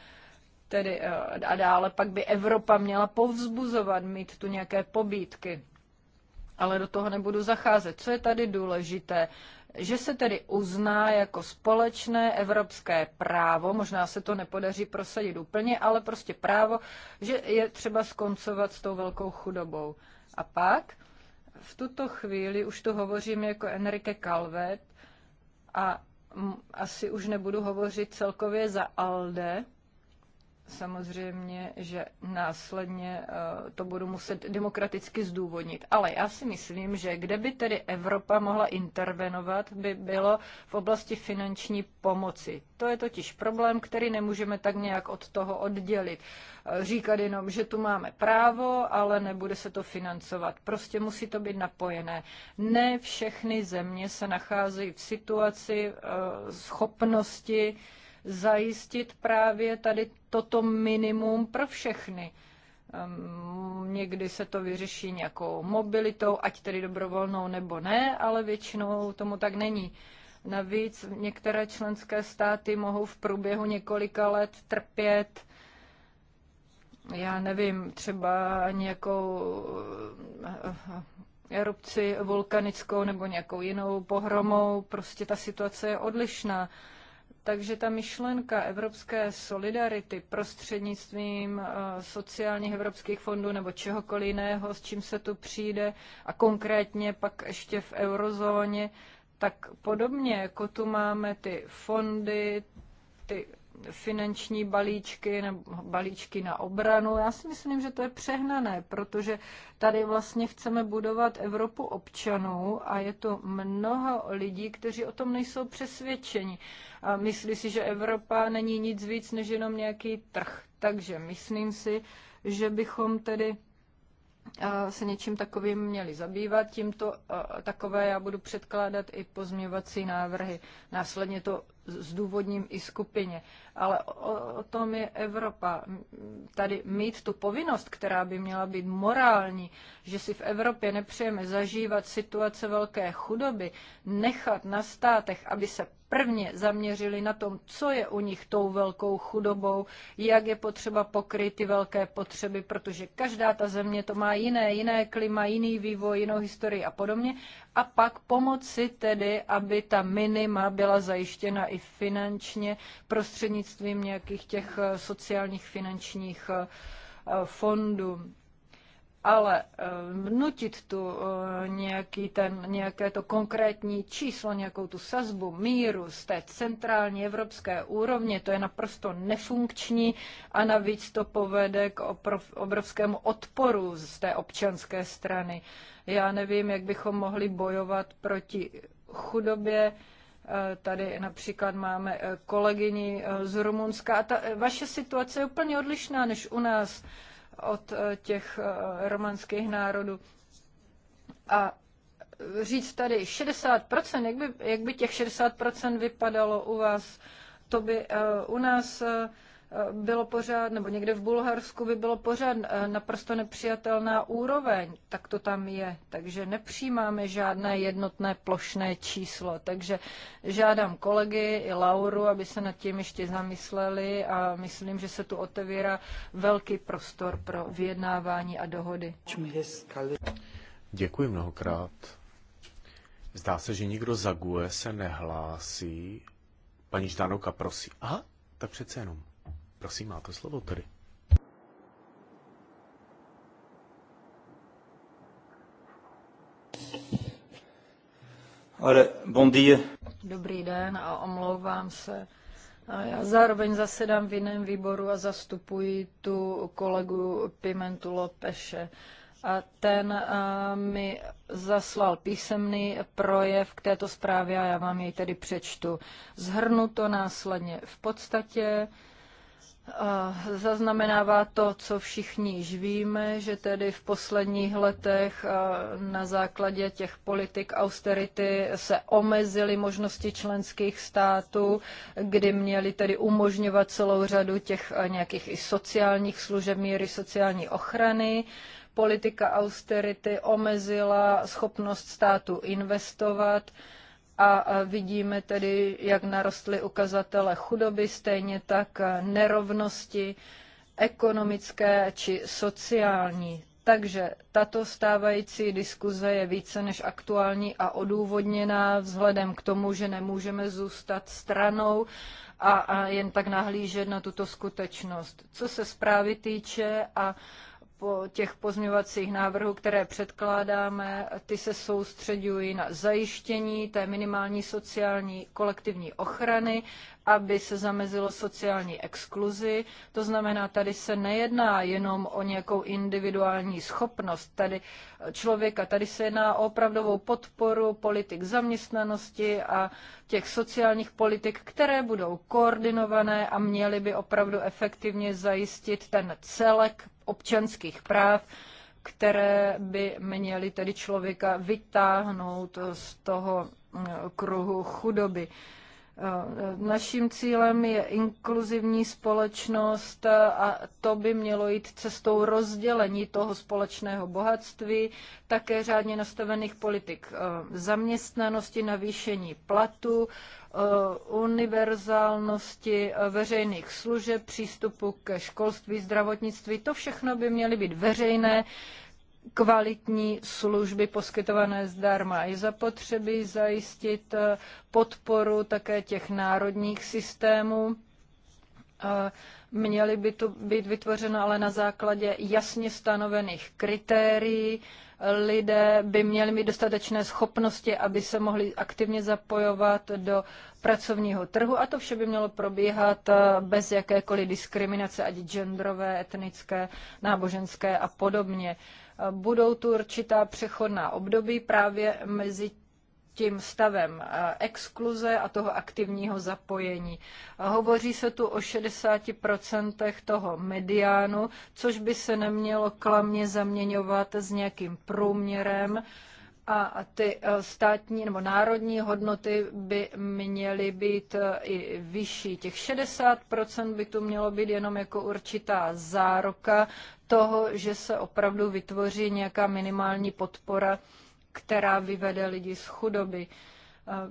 Tedy, e, a dále pak by Evropa měla povzbuzovat, mít tu nějaké pobídky ale do toho nebudu zacházet. Co je tady důležité? že se tedy uzná jako společné evropské právo, možná se to nepodaří prosadit úplně, ale prostě právo, že je třeba skoncovat s tou velkou chudobou. A pak v tuto chvíli už tu hovořím jako Enrique Calvet a asi už nebudu hovořit celkově za ALDE, samozřejmě, že následně eh, to budu muset demokraticky zdůvodnit. Ale já si myslím, že kde by tedy Evropa mohla intervenovat, by bylo v oblasti finanční pomoci. To je totiž problém, který nemůžeme tak nějak od toho oddělit. Eh, říkat jenom, že tu máme právo, ale nebude se to financovat. Prostě musí to být napojené. Ne všechny země se nacházejí v situaci eh, schopnosti zajistit právě tady toto minimum pro všechny. Ehm, někdy se to vyřeší nějakou mobilitou, ať tedy dobrovolnou nebo ne, ale většinou tomu tak není. Navíc některé členské státy mohou v průběhu několika let trpět já nevím, třeba nějakou eh, erupci vulkanickou nebo nějakou jinou pohromou, prostě ta situace je odlišná. Takže ta myšlenka evropské solidarity prostřednictvím eh, sociálních evropských fondů nebo čehokoliv jiného, s čím se tu přijde, a konkrétně pak ještě v eurozóně, tak podobně jako tu máme ty fondy, ty finanční balíčky nebo balíčky na obranu. Já si myslím, že to je přehnané, protože tady vlastně chceme budovat Evropu občanů a je to mnoho lidí, kteří o tom nejsou přesvědčeni. A myslí si, že Evropa není nic víc než jenom nějaký trh. Takže myslím si, že bychom tedy se něčím takovým měli zabývat. Tímto takové já budu předkládat i pozměvací návrhy. Následně to zdůvodním i skupině. Ale o, o tom je Evropa. Tady mít tu povinnost, která by měla být morální, že si v Evropě nepřejeme zažívat situace velké chudoby, nechat na státech, aby se prvně zaměřili na tom, co je u nich tou velkou chudobou, jak je potřeba pokryt ty velké potřeby, protože každá ta země to má jiné, jiné klima, jiný vývoj, jinou historii a podobně. A pak pomoci tedy, aby ta minima byla zajištěna i finančně prostřednictvím nějakých těch eh, sociálních finančních eh, eh, fondů ale vnutit eh, tu eh, nějaký ten, nějaké to konkrétní číslo, nějakou tu sazbu míru z té centrální evropské úrovně, to je naprosto nefunkční a navíc to povede k obrovskému odporu z té občanské strany. Já nevím, jak bychom mohli bojovat proti chudobě, eh, Tady například máme kolegyni z Rumunska a ta, vaše situace je úplně odlišná než u nás od eh, těch eh, romanských národů. A říct tady 60%, jak by, jak by těch 60% vypadalo u vás, to by eh, u nás bylo pořád, nebo někde v Bulharsku by bylo pořád eh, naprosto nepřijatelná úroveň, tak to tam je. Takže nepřijímáme žádné jednotné plošné číslo. Takže žádám kolegy i Lauru, aby se nad tím ještě zamysleli a myslím, že se tu otevírá velký prostor pro vyjednávání a dohody. Děkuji mnohokrát. Zdá se, že nikdo za GUE se nehlásí. Paní Ždánoka, prosím. Aha, tak přece jenom. Prosím, máte slovo tedy. Dobrý den a omlouvám se. Já zároveň zasedám v jiném výboru a zastupuji tu kolegu Pimentu Lopeše. A ten mi zaslal písemný projev k této zprávě a já vám jej tedy přečtu. Zhrnu to následně. V podstatě Zaznamenává to, co všichni již víme, že tedy v posledních letech na základě těch politik austerity se omezily možnosti členských států, kdy měli tedy umožňovat celou řadu těch nějakých i sociálních služeb, míry sociální ochrany. Politika austerity omezila schopnost státu investovat a vidíme tedy, jak narostly ukazatele chudoby, stejně tak nerovnosti ekonomické či sociální. Takže tato stávající diskuze je více než aktuální a odůvodněná vzhledem k tomu, že nemůžeme zůstat stranou a, a jen tak nahlížet na tuto skutečnost. Co se zprávy týče a po těch pozměňovacích návrhů, které předkládáme, ty se soustředují na zajištění té minimální sociální kolektivní ochrany, aby se zamezilo sociální exkluzi. To znamená, tady se nejedná jenom o nějakou individuální schopnost tady člověka, tady se jedná o opravdovou podporu politik zaměstnanosti a těch sociálních politik, které budou koordinované a měly by opravdu efektivně zajistit ten celek občanských práv, které by měly tedy člověka vytáhnout z toho eh, kruhu chudoby. Eh, naším cílem je inkluzivní společnost a to by mělo jít cestou rozdělení toho společného bohatství, také řádně nastavených politik eh, zaměstnanosti, navýšení platu, Eh, univerzálnosti eh, veřejných služeb, přístupu ke školství, zdravotnictví. To všechno by měly být veřejné kvalitní služby poskytované zdarma. Je zapotřebí zajistit eh, podporu také těch národních systémů Měly by to být vytvořeno ale na základě jasně stanovených kritérií. Lidé by měli mít dostatečné schopnosti, aby se mohli aktivně zapojovat do pracovního trhu a to vše by mělo probíhat eh, bez jakékoliv diskriminace, ať genderové, etnické, náboženské a podobně. Eh, budou tu určitá přechodná období právě mezi tím stavem eh, exkluze a toho aktivního zapojení. Hovoří se tu o 60% toho mediánu, což by se nemělo klamně zaměňovat s nějakým průměrem a ty eh, státní nebo národní hodnoty by měly být eh, i vyšší. Těch 60% by tu mělo být jenom jako určitá zároka toho, že se opravdu vytvoří nějaká minimální podpora která vyvede lidi z chudoby.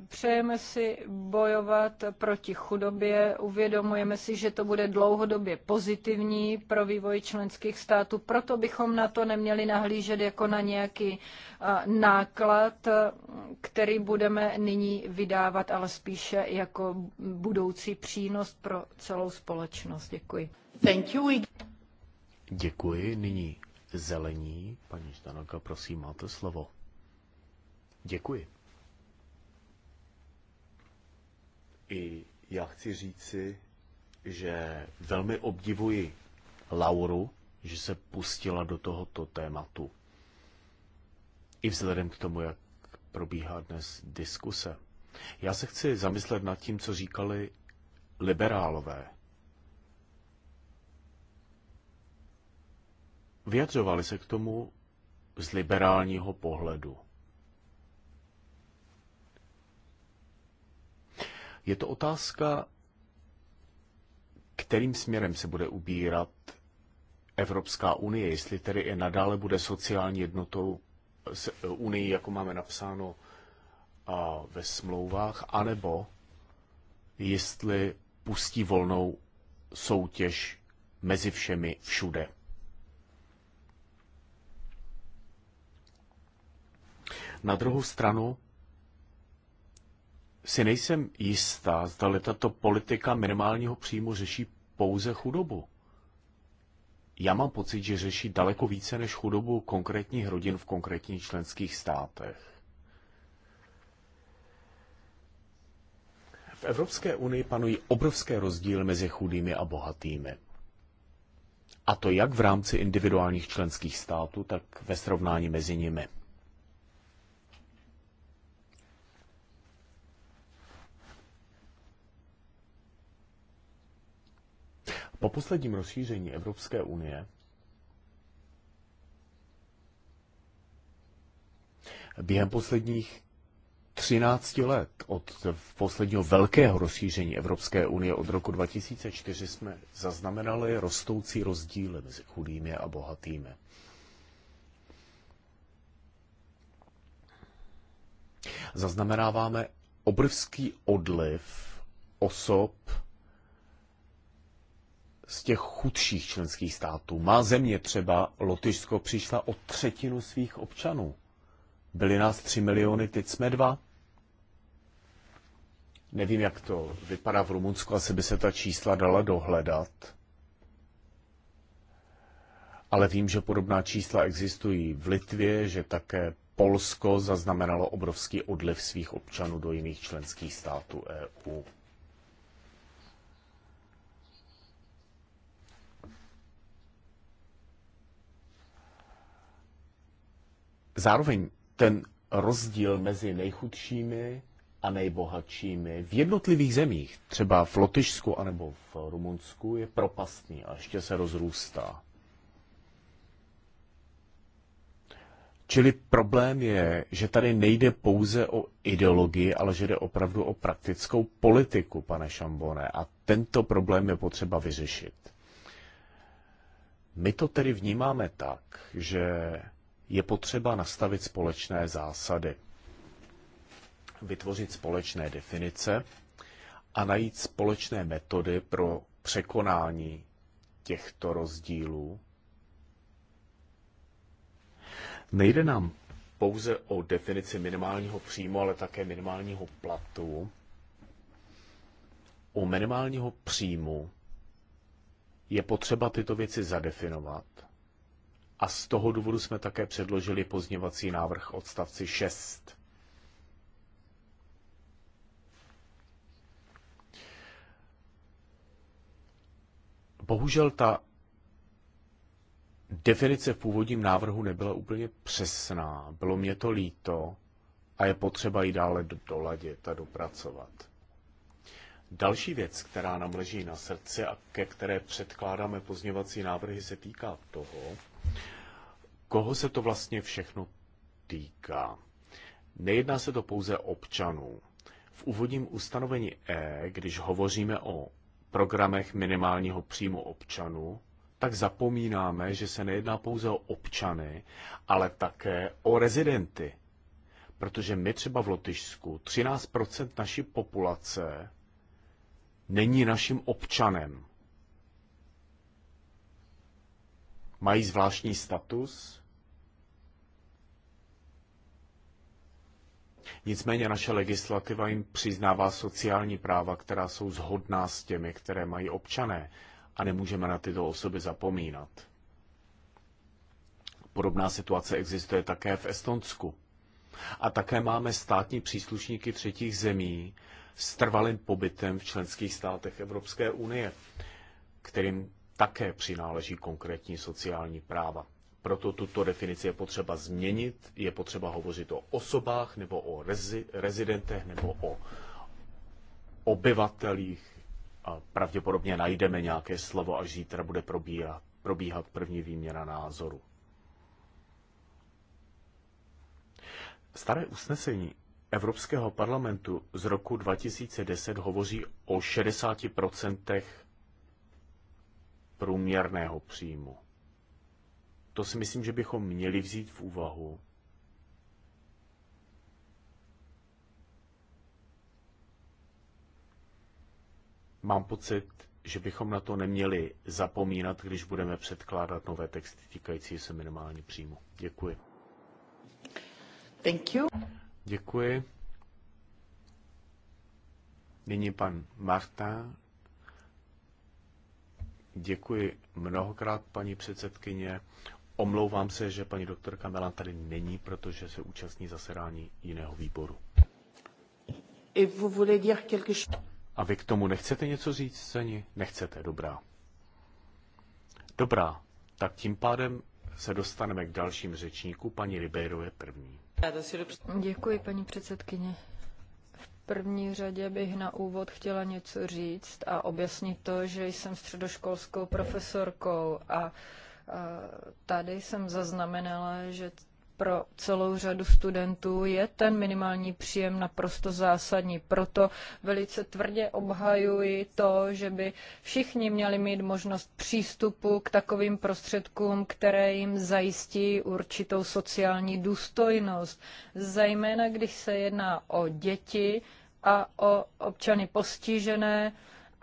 Přejeme si bojovat proti chudobě, uvědomujeme si, že to bude dlouhodobě pozitivní pro vývoj členských států, proto bychom na to neměli nahlížet jako na nějaký náklad, který budeme nyní vydávat, ale spíše jako budoucí přínos pro celou společnost. Děkuji. Thank you. Děkuji. Nyní zelení. Paní Stanoka, prosím, máte slovo. Děkuji. I já chci říci, že velmi obdivuji Lauru, že se pustila do tohoto tématu. I vzhledem k tomu, jak probíhá dnes diskuse. Já se chci zamyslet nad tím, co říkali liberálové. Vyjadřovali se k tomu z liberálního pohledu. Je to otázka, kterým směrem se bude ubírat Evropská unie, jestli tedy i nadále bude sociální jednotou s eh, unii, jako máme napsáno a ve smlouvách, anebo jestli pustí volnou soutěž mezi všemi všude. Na druhou stranu si nejsem jistá, zda zda-li tato politika minimálního příjmu řeší pouze chudobu. Já mám pocit, že řeší daleko více než chudobu konkrétních rodin v konkrétních členských státech. V Evropské unii panují obrovské rozdíly mezi chudými a bohatými. A to jak v rámci individuálních členských států, tak ve srovnání mezi nimi. Po posledním rozšíření Evropské unie během posledních 13 let od posledního velkého rozšíření Evropské unie od roku 2004 jsme zaznamenali rostoucí rozdíly mezi chudými a bohatými. Zaznamenáváme obrovský odliv osob z těch chudších členských států. Má země třeba, Lotyšsko, přišla o třetinu svých občanů. Byli nás tři miliony, teď jsme dva. Nevím, jak to vypadá v Rumunsku, asi by se ta čísla dala dohledat. Ale vím, že podobná čísla existují v Litvě, že také Polsko zaznamenalo obrovský odliv svých občanů do jiných členských států EU. zároveň ten rozdíl mezi nejchudšími a nejbohatšími v jednotlivých zemích, třeba v Lotyšsku anebo v Rumunsku, je propastný a ještě se rozrůstá. Čili problém je, že tady nejde pouze o ideologii, ale že jde opravdu o praktickou politiku, pane Šambone, a tento problém je potřeba vyřešit. My to tedy vnímáme tak, že je potřeba nastavit společné zásady, vytvořit společné definice a najít společné metody pro překonání těchto rozdílů. Nejde nám pouze o definici minimálního příjmu, ale také minimálního platu. U minimálního příjmu je potřeba tyto věci zadefinovat a z toho důvodu jsme také předložili pozněvací návrh odstavci 6. Bohužel ta definice v původním návrhu nebyla úplně přesná. Bylo mě to líto a je potřeba ji dále doladit a dopracovat. Další věc, která nám leží na srdci a ke které předkládáme pozněvací návrhy, se týká toho, Koho se to vlastně všechno týká? Nejedná se to pouze občanů. V úvodním ustanovení E, když hovoříme o programech minimálního příjmu občanů, tak zapomínáme, že se nejedná pouze o občany, ale také o rezidenty. Protože my třeba v Lotyšsku 13% naší populace není naším občanem. Mají zvláštní status? Nicméně naše legislativa jim přiznává sociální práva, která jsou zhodná s těmi, které mají občané a nemůžeme na tyto osoby zapomínat. Podobná situace existuje také v Estonsku. A také máme státní příslušníky třetích zemí s trvalým pobytem v členských státech Evropské unie, kterým také přináleží konkrétní sociální práva. Proto tuto definici je potřeba změnit, je potřeba hovořit o osobách nebo o rezi, rezidentech nebo o obyvatelích. A pravděpodobně najdeme nějaké slovo, až zítra bude probíhat, probíhat první výměna názoru. Staré usnesení Evropského parlamentu z roku 2010 hovoří o 60% průměrného příjmu. To si myslím, že bychom měli vzít v úvahu. Mám pocit, že bychom na to neměli zapomínat, když budeme předkládat nové texty týkající se minimální příjmu. Děkuji. Thank you. Děkuji. Nyní pan Marta Děkuji mnohokrát, paní předsedkyně. Omlouvám se, že paní doktorka Melan tady není, protože se účastní zasedání jiného výboru. A vy k tomu nechcete něco říct, Seni? Nechcete, dobrá. Dobrá, tak tím pádem se dostaneme k dalším řečníku. Paní Ribeiro je první. Děkuji, paní předsedkyně první řadě bych na úvod chtěla něco říct a objasnit to, že jsem středoškolskou profesorkou a tady jsem zaznamenala, že pro celou řadu studentů je ten minimální příjem naprosto zásadní. Proto velice tvrdě obhajuji to, že by všichni měli mít možnost přístupu k takovým prostředkům, které jim zajistí určitou sociální důstojnost. Zejména když se jedná o děti a o občany postižené,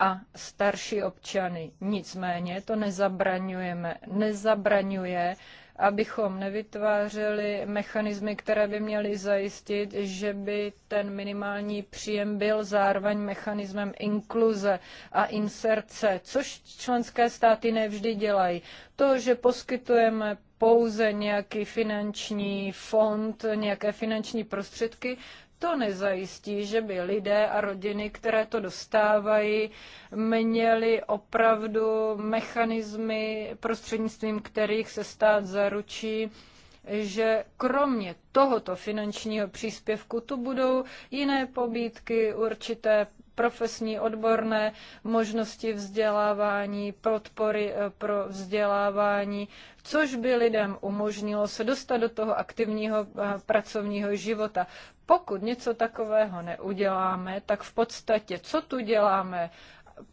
a starší občany. Nicméně to nezabraňujeme, nezabraňuje abychom nevytvářeli mechanismy, které by měly zajistit, že by ten minimální příjem byl zároveň mechanismem inkluze a inserce, což členské státy nevždy dělají. To, že poskytujeme pouze nějaký finanční fond, nějaké finanční prostředky, to nezajistí, že by lidé a rodiny, které to dostávají, měli opravdu mechanismy, prostřednictvím kterých se stát zaručí, že kromě tohoto finančního příspěvku tu budou jiné pobídky, určité profesní, odborné možnosti vzdělávání, podpory eh, pro vzdělávání, což by lidem umožnilo se dostat do toho aktivního eh, pracovního života. Pokud něco takového neuděláme, tak v podstatě co tu děláme?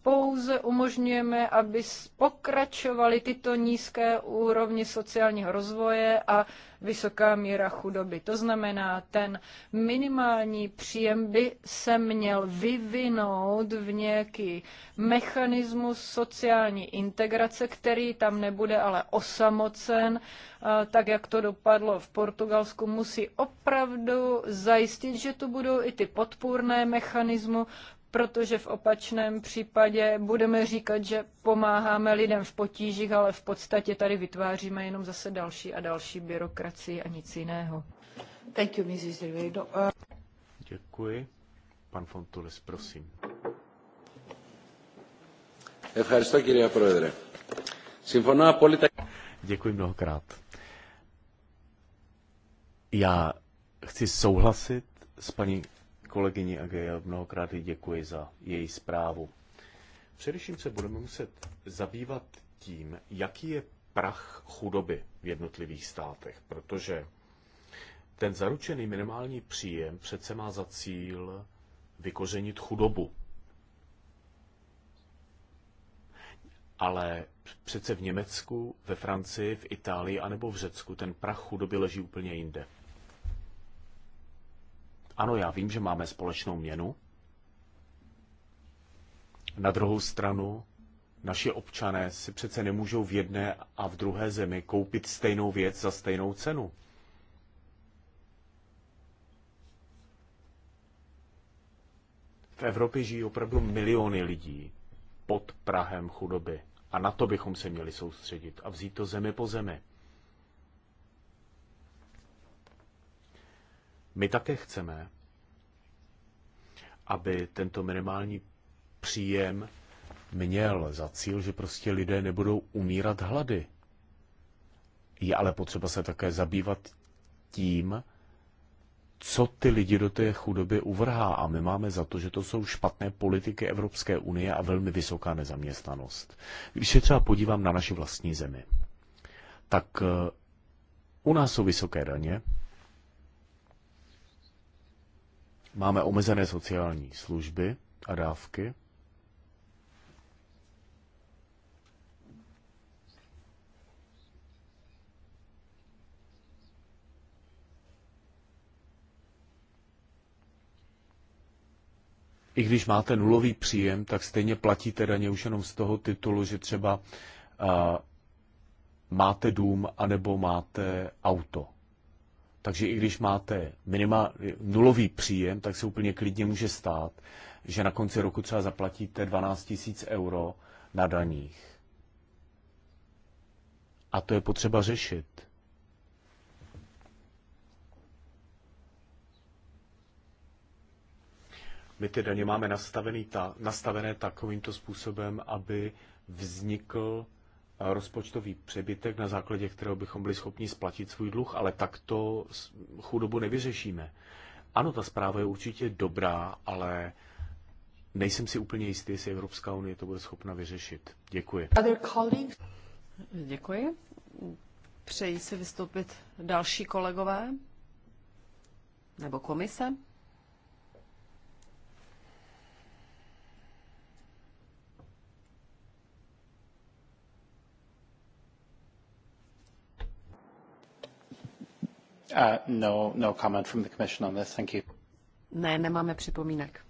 pouze umožňujeme, aby pokračovaly tyto nízké úrovně sociálního rozvoje a vysoká míra chudoby. To znamená, ten minimální příjem by se měl vyvinout v nějaký mechanismus sociální integrace, který tam nebude ale osamocen, tak jak to dopadlo v Portugalsku, musí opravdu zajistit, že tu budou i ty podpůrné mechanismy protože v opačném případě budeme říkat, že pomáháme lidem v potížích, ale v podstatě tady vytváříme jenom zase další a další byrokracii a nic jiného. Thank you, Mrs. Uh, Děkuji. Pan Fontules, prosím. Děkuji mnohokrát. Já chci souhlasit s paní kolegyni Agel mnohokrát děkuji za její zprávu. Především se budeme muset zabývat tím, jaký je prach chudoby v jednotlivých státech, protože ten zaručený minimální příjem přece má za cíl vykořenit chudobu. Ale přece v Německu, ve Francii, v Itálii anebo v Řecku ten prach chudoby leží úplně jinde. Ano, já vím, že máme společnou měnu. Na druhou stranu, naši občané si přece nemůžou v jedné a v druhé zemi koupit stejnou věc za stejnou cenu. V Evropě žijí opravdu miliony lidí pod Prahem chudoby. A na to bychom se měli soustředit a vzít to zemi po zemi. My také chceme, aby tento minimální příjem měl za cíl, že prostě lidé nebudou umírat hlady. Je ale potřeba se také zabývat tím, co ty lidi do té chudoby uvrhá. A my máme za to, že to jsou špatné politiky Evropské unie a velmi vysoká nezaměstnanost. Když se třeba podívám na naši vlastní zemi, tak eh, u nás jsou vysoké daně, Máme omezené sociální služby a dávky. I když máte nulový příjem, tak stejně platíte daně už jenom z toho titulu, že třeba uh, máte dům anebo máte auto. Takže i když máte minima, nulový příjem, tak se úplně klidně může stát, že na konci roku třeba zaplatíte 12 000 euro na daních. A to je potřeba řešit. My ty daně máme nastavené ta, nastavené takovýmto způsobem, aby vznikl rozpočtový přebytek, na základě kterého bychom byli schopni splatit svůj dluh, ale takto chudobu nevyřešíme. Ano, ta zpráva je určitě dobrá, ale nejsem si úplně jistý, jestli Evropská unie to bude schopna vyřešit. Děkuji. Děkuji. Přeji si vystoupit další kolegové nebo komise. Uh, no, no comment from the commission on this. Thank you. Ne, nemáme připomínek.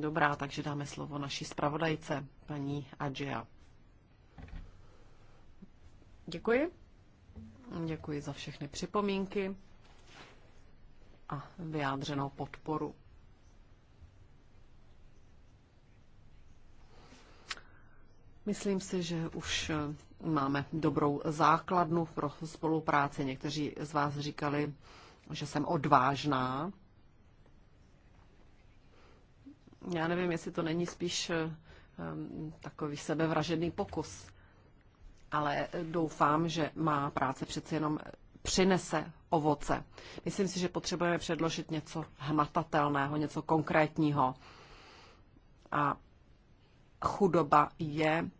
Dobrá, takže dáme slovo naší zpravodajce, paní Adžia. Děkuji. Děkuji za všechny připomínky a vyjádřenou podporu. Myslím si, že už eh, máme dobrou základnu pro spolupráci. Někteří z vás říkali, že jsem odvážná. Já nevím, jestli to není spíš eh, eh, takový sebevražedný pokus, ale doufám, že má práce přeci jenom přinese ovoce. Myslím si, že potřebujeme předložit něco hmatatelného, něco konkrétního. A chudoba je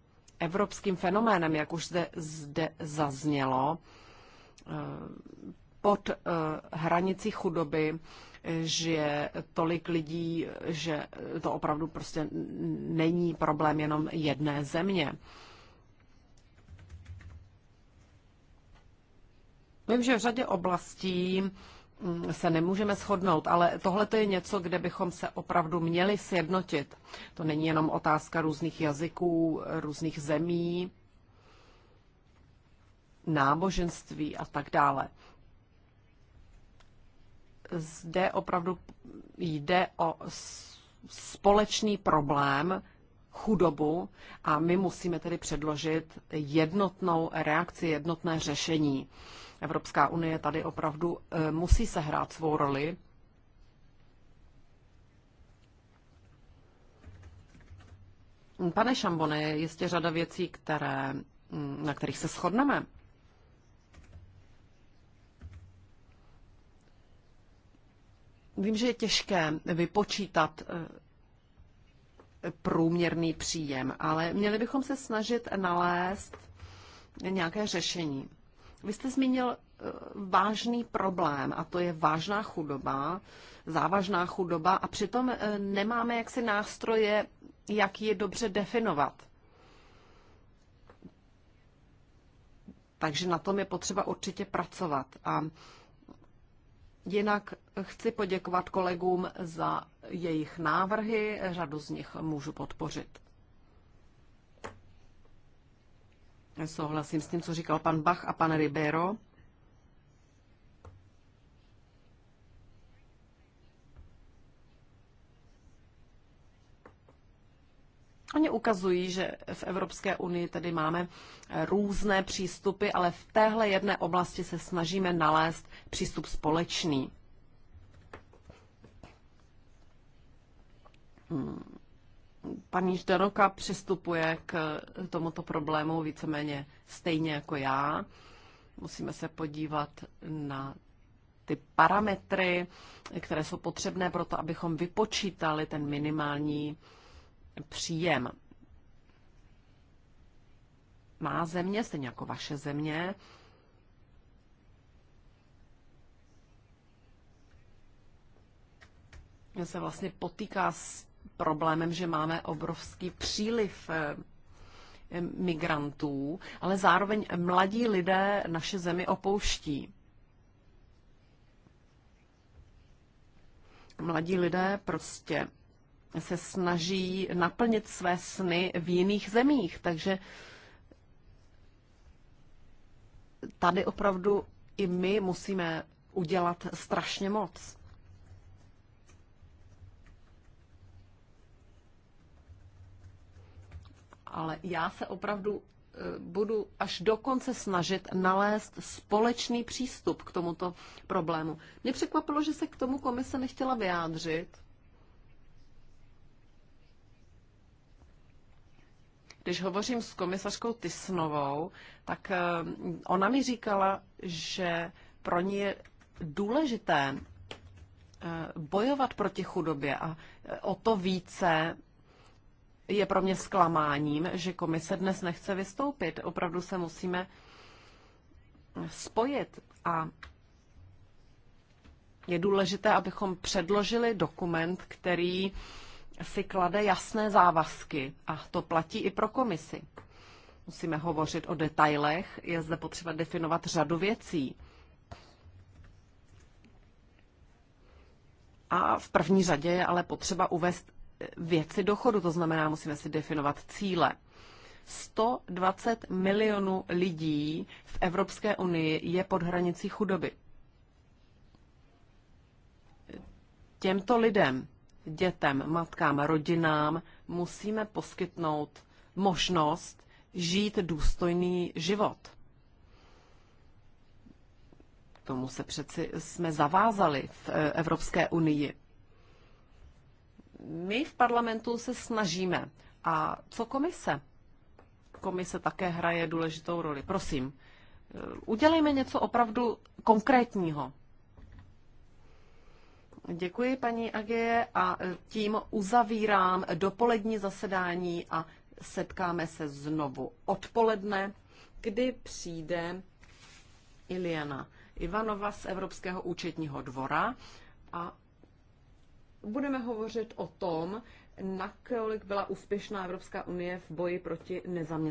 evropským fenoménem, jak už zde, zde zaznělo, eh, pod eh, hranicí chudoby eh, že tolik lidí, že to opravdu prostě není problém jenom jedné země. Vím, že v řadě oblastí se nemůžeme shodnout, ale tohle je něco, kde bychom se opravdu měli sjednotit. To není jenom otázka různých jazyků, různých zemí, náboženství a tak dále. Zde opravdu jde o společný problém, chudobu a my musíme tedy předložit jednotnou reakci, jednotné řešení. Evropská unie tady opravdu eh, musí sehrát svou roli. Pane Šambone, je jistě řada věcí, které, mm, na kterých se shodneme. Vím, že je těžké vypočítat eh, průměrný příjem, ale měli bychom se snažit nalézt nějaké řešení. Vy jste zmínil eh, vážný problém a to je vážná chudoba, závažná chudoba a přitom eh, nemáme jaksi nástroje, jak je dobře definovat. Takže na tom je potřeba určitě pracovat. A jinak chci poděkovat kolegům za jejich návrhy, řadu z nich můžu podpořit. Souhlasím s tím, co říkal pan Bach a pan Ribero. Oni ukazují, že v Evropské unii tedy máme různé přístupy, ale v téhle jedné oblasti se snažíme nalézt přístup společný. Hmm. Paní Již přistupuje k tomuto problému víceméně stejně jako já. Musíme se podívat na ty parametry, které jsou potřebné pro to, abychom vypočítali ten minimální příjem. Má země, stejně jako vaše země, se vlastně potýká s problémem, že máme obrovský příliv eh, migrantů, ale zároveň mladí lidé naše zemi opouští. Mladí lidé prostě se snaží naplnit své sny v jiných zemích, takže tady opravdu i my musíme udělat strašně moc. ale já se opravdu e, budu až dokonce snažit nalézt společný přístup k tomuto problému. Mě překvapilo, že se k tomu komise nechtěla vyjádřit. Když hovořím s komisařkou Tysnovou, tak e, ona mi říkala, že pro ní je důležité e, bojovat proti chudobě a o to více je pro mě zklamáním, že komise dnes nechce vystoupit. Opravdu se musíme spojit a je důležité, abychom předložili dokument, který si klade jasné závazky a to platí i pro komisi. Musíme hovořit o detailech, je zde potřeba definovat řadu věcí. A v první řadě je ale potřeba uvést věci dochodu, to znamená, musíme si definovat cíle. 120 milionů lidí v Evropské unii je pod hranicí chudoby. Těmto lidem, dětem, matkám, rodinám musíme poskytnout možnost žít důstojný život. Tomu se přeci jsme zavázali v eh, Evropské unii. My v parlamentu se snažíme. A co komise? Komise také hraje důležitou roli. Prosím, eh, udělejme něco opravdu konkrétního. Děkuji, paní Agie, a eh, tím uzavírám dopolední zasedání a setkáme se znovu odpoledne, kdy přijde Iliana Ivanova z Evropského účetního dvora a budeme hovořit o tom, nakolik byla úspěšná Evropská unie v boji proti nezaměstnanosti.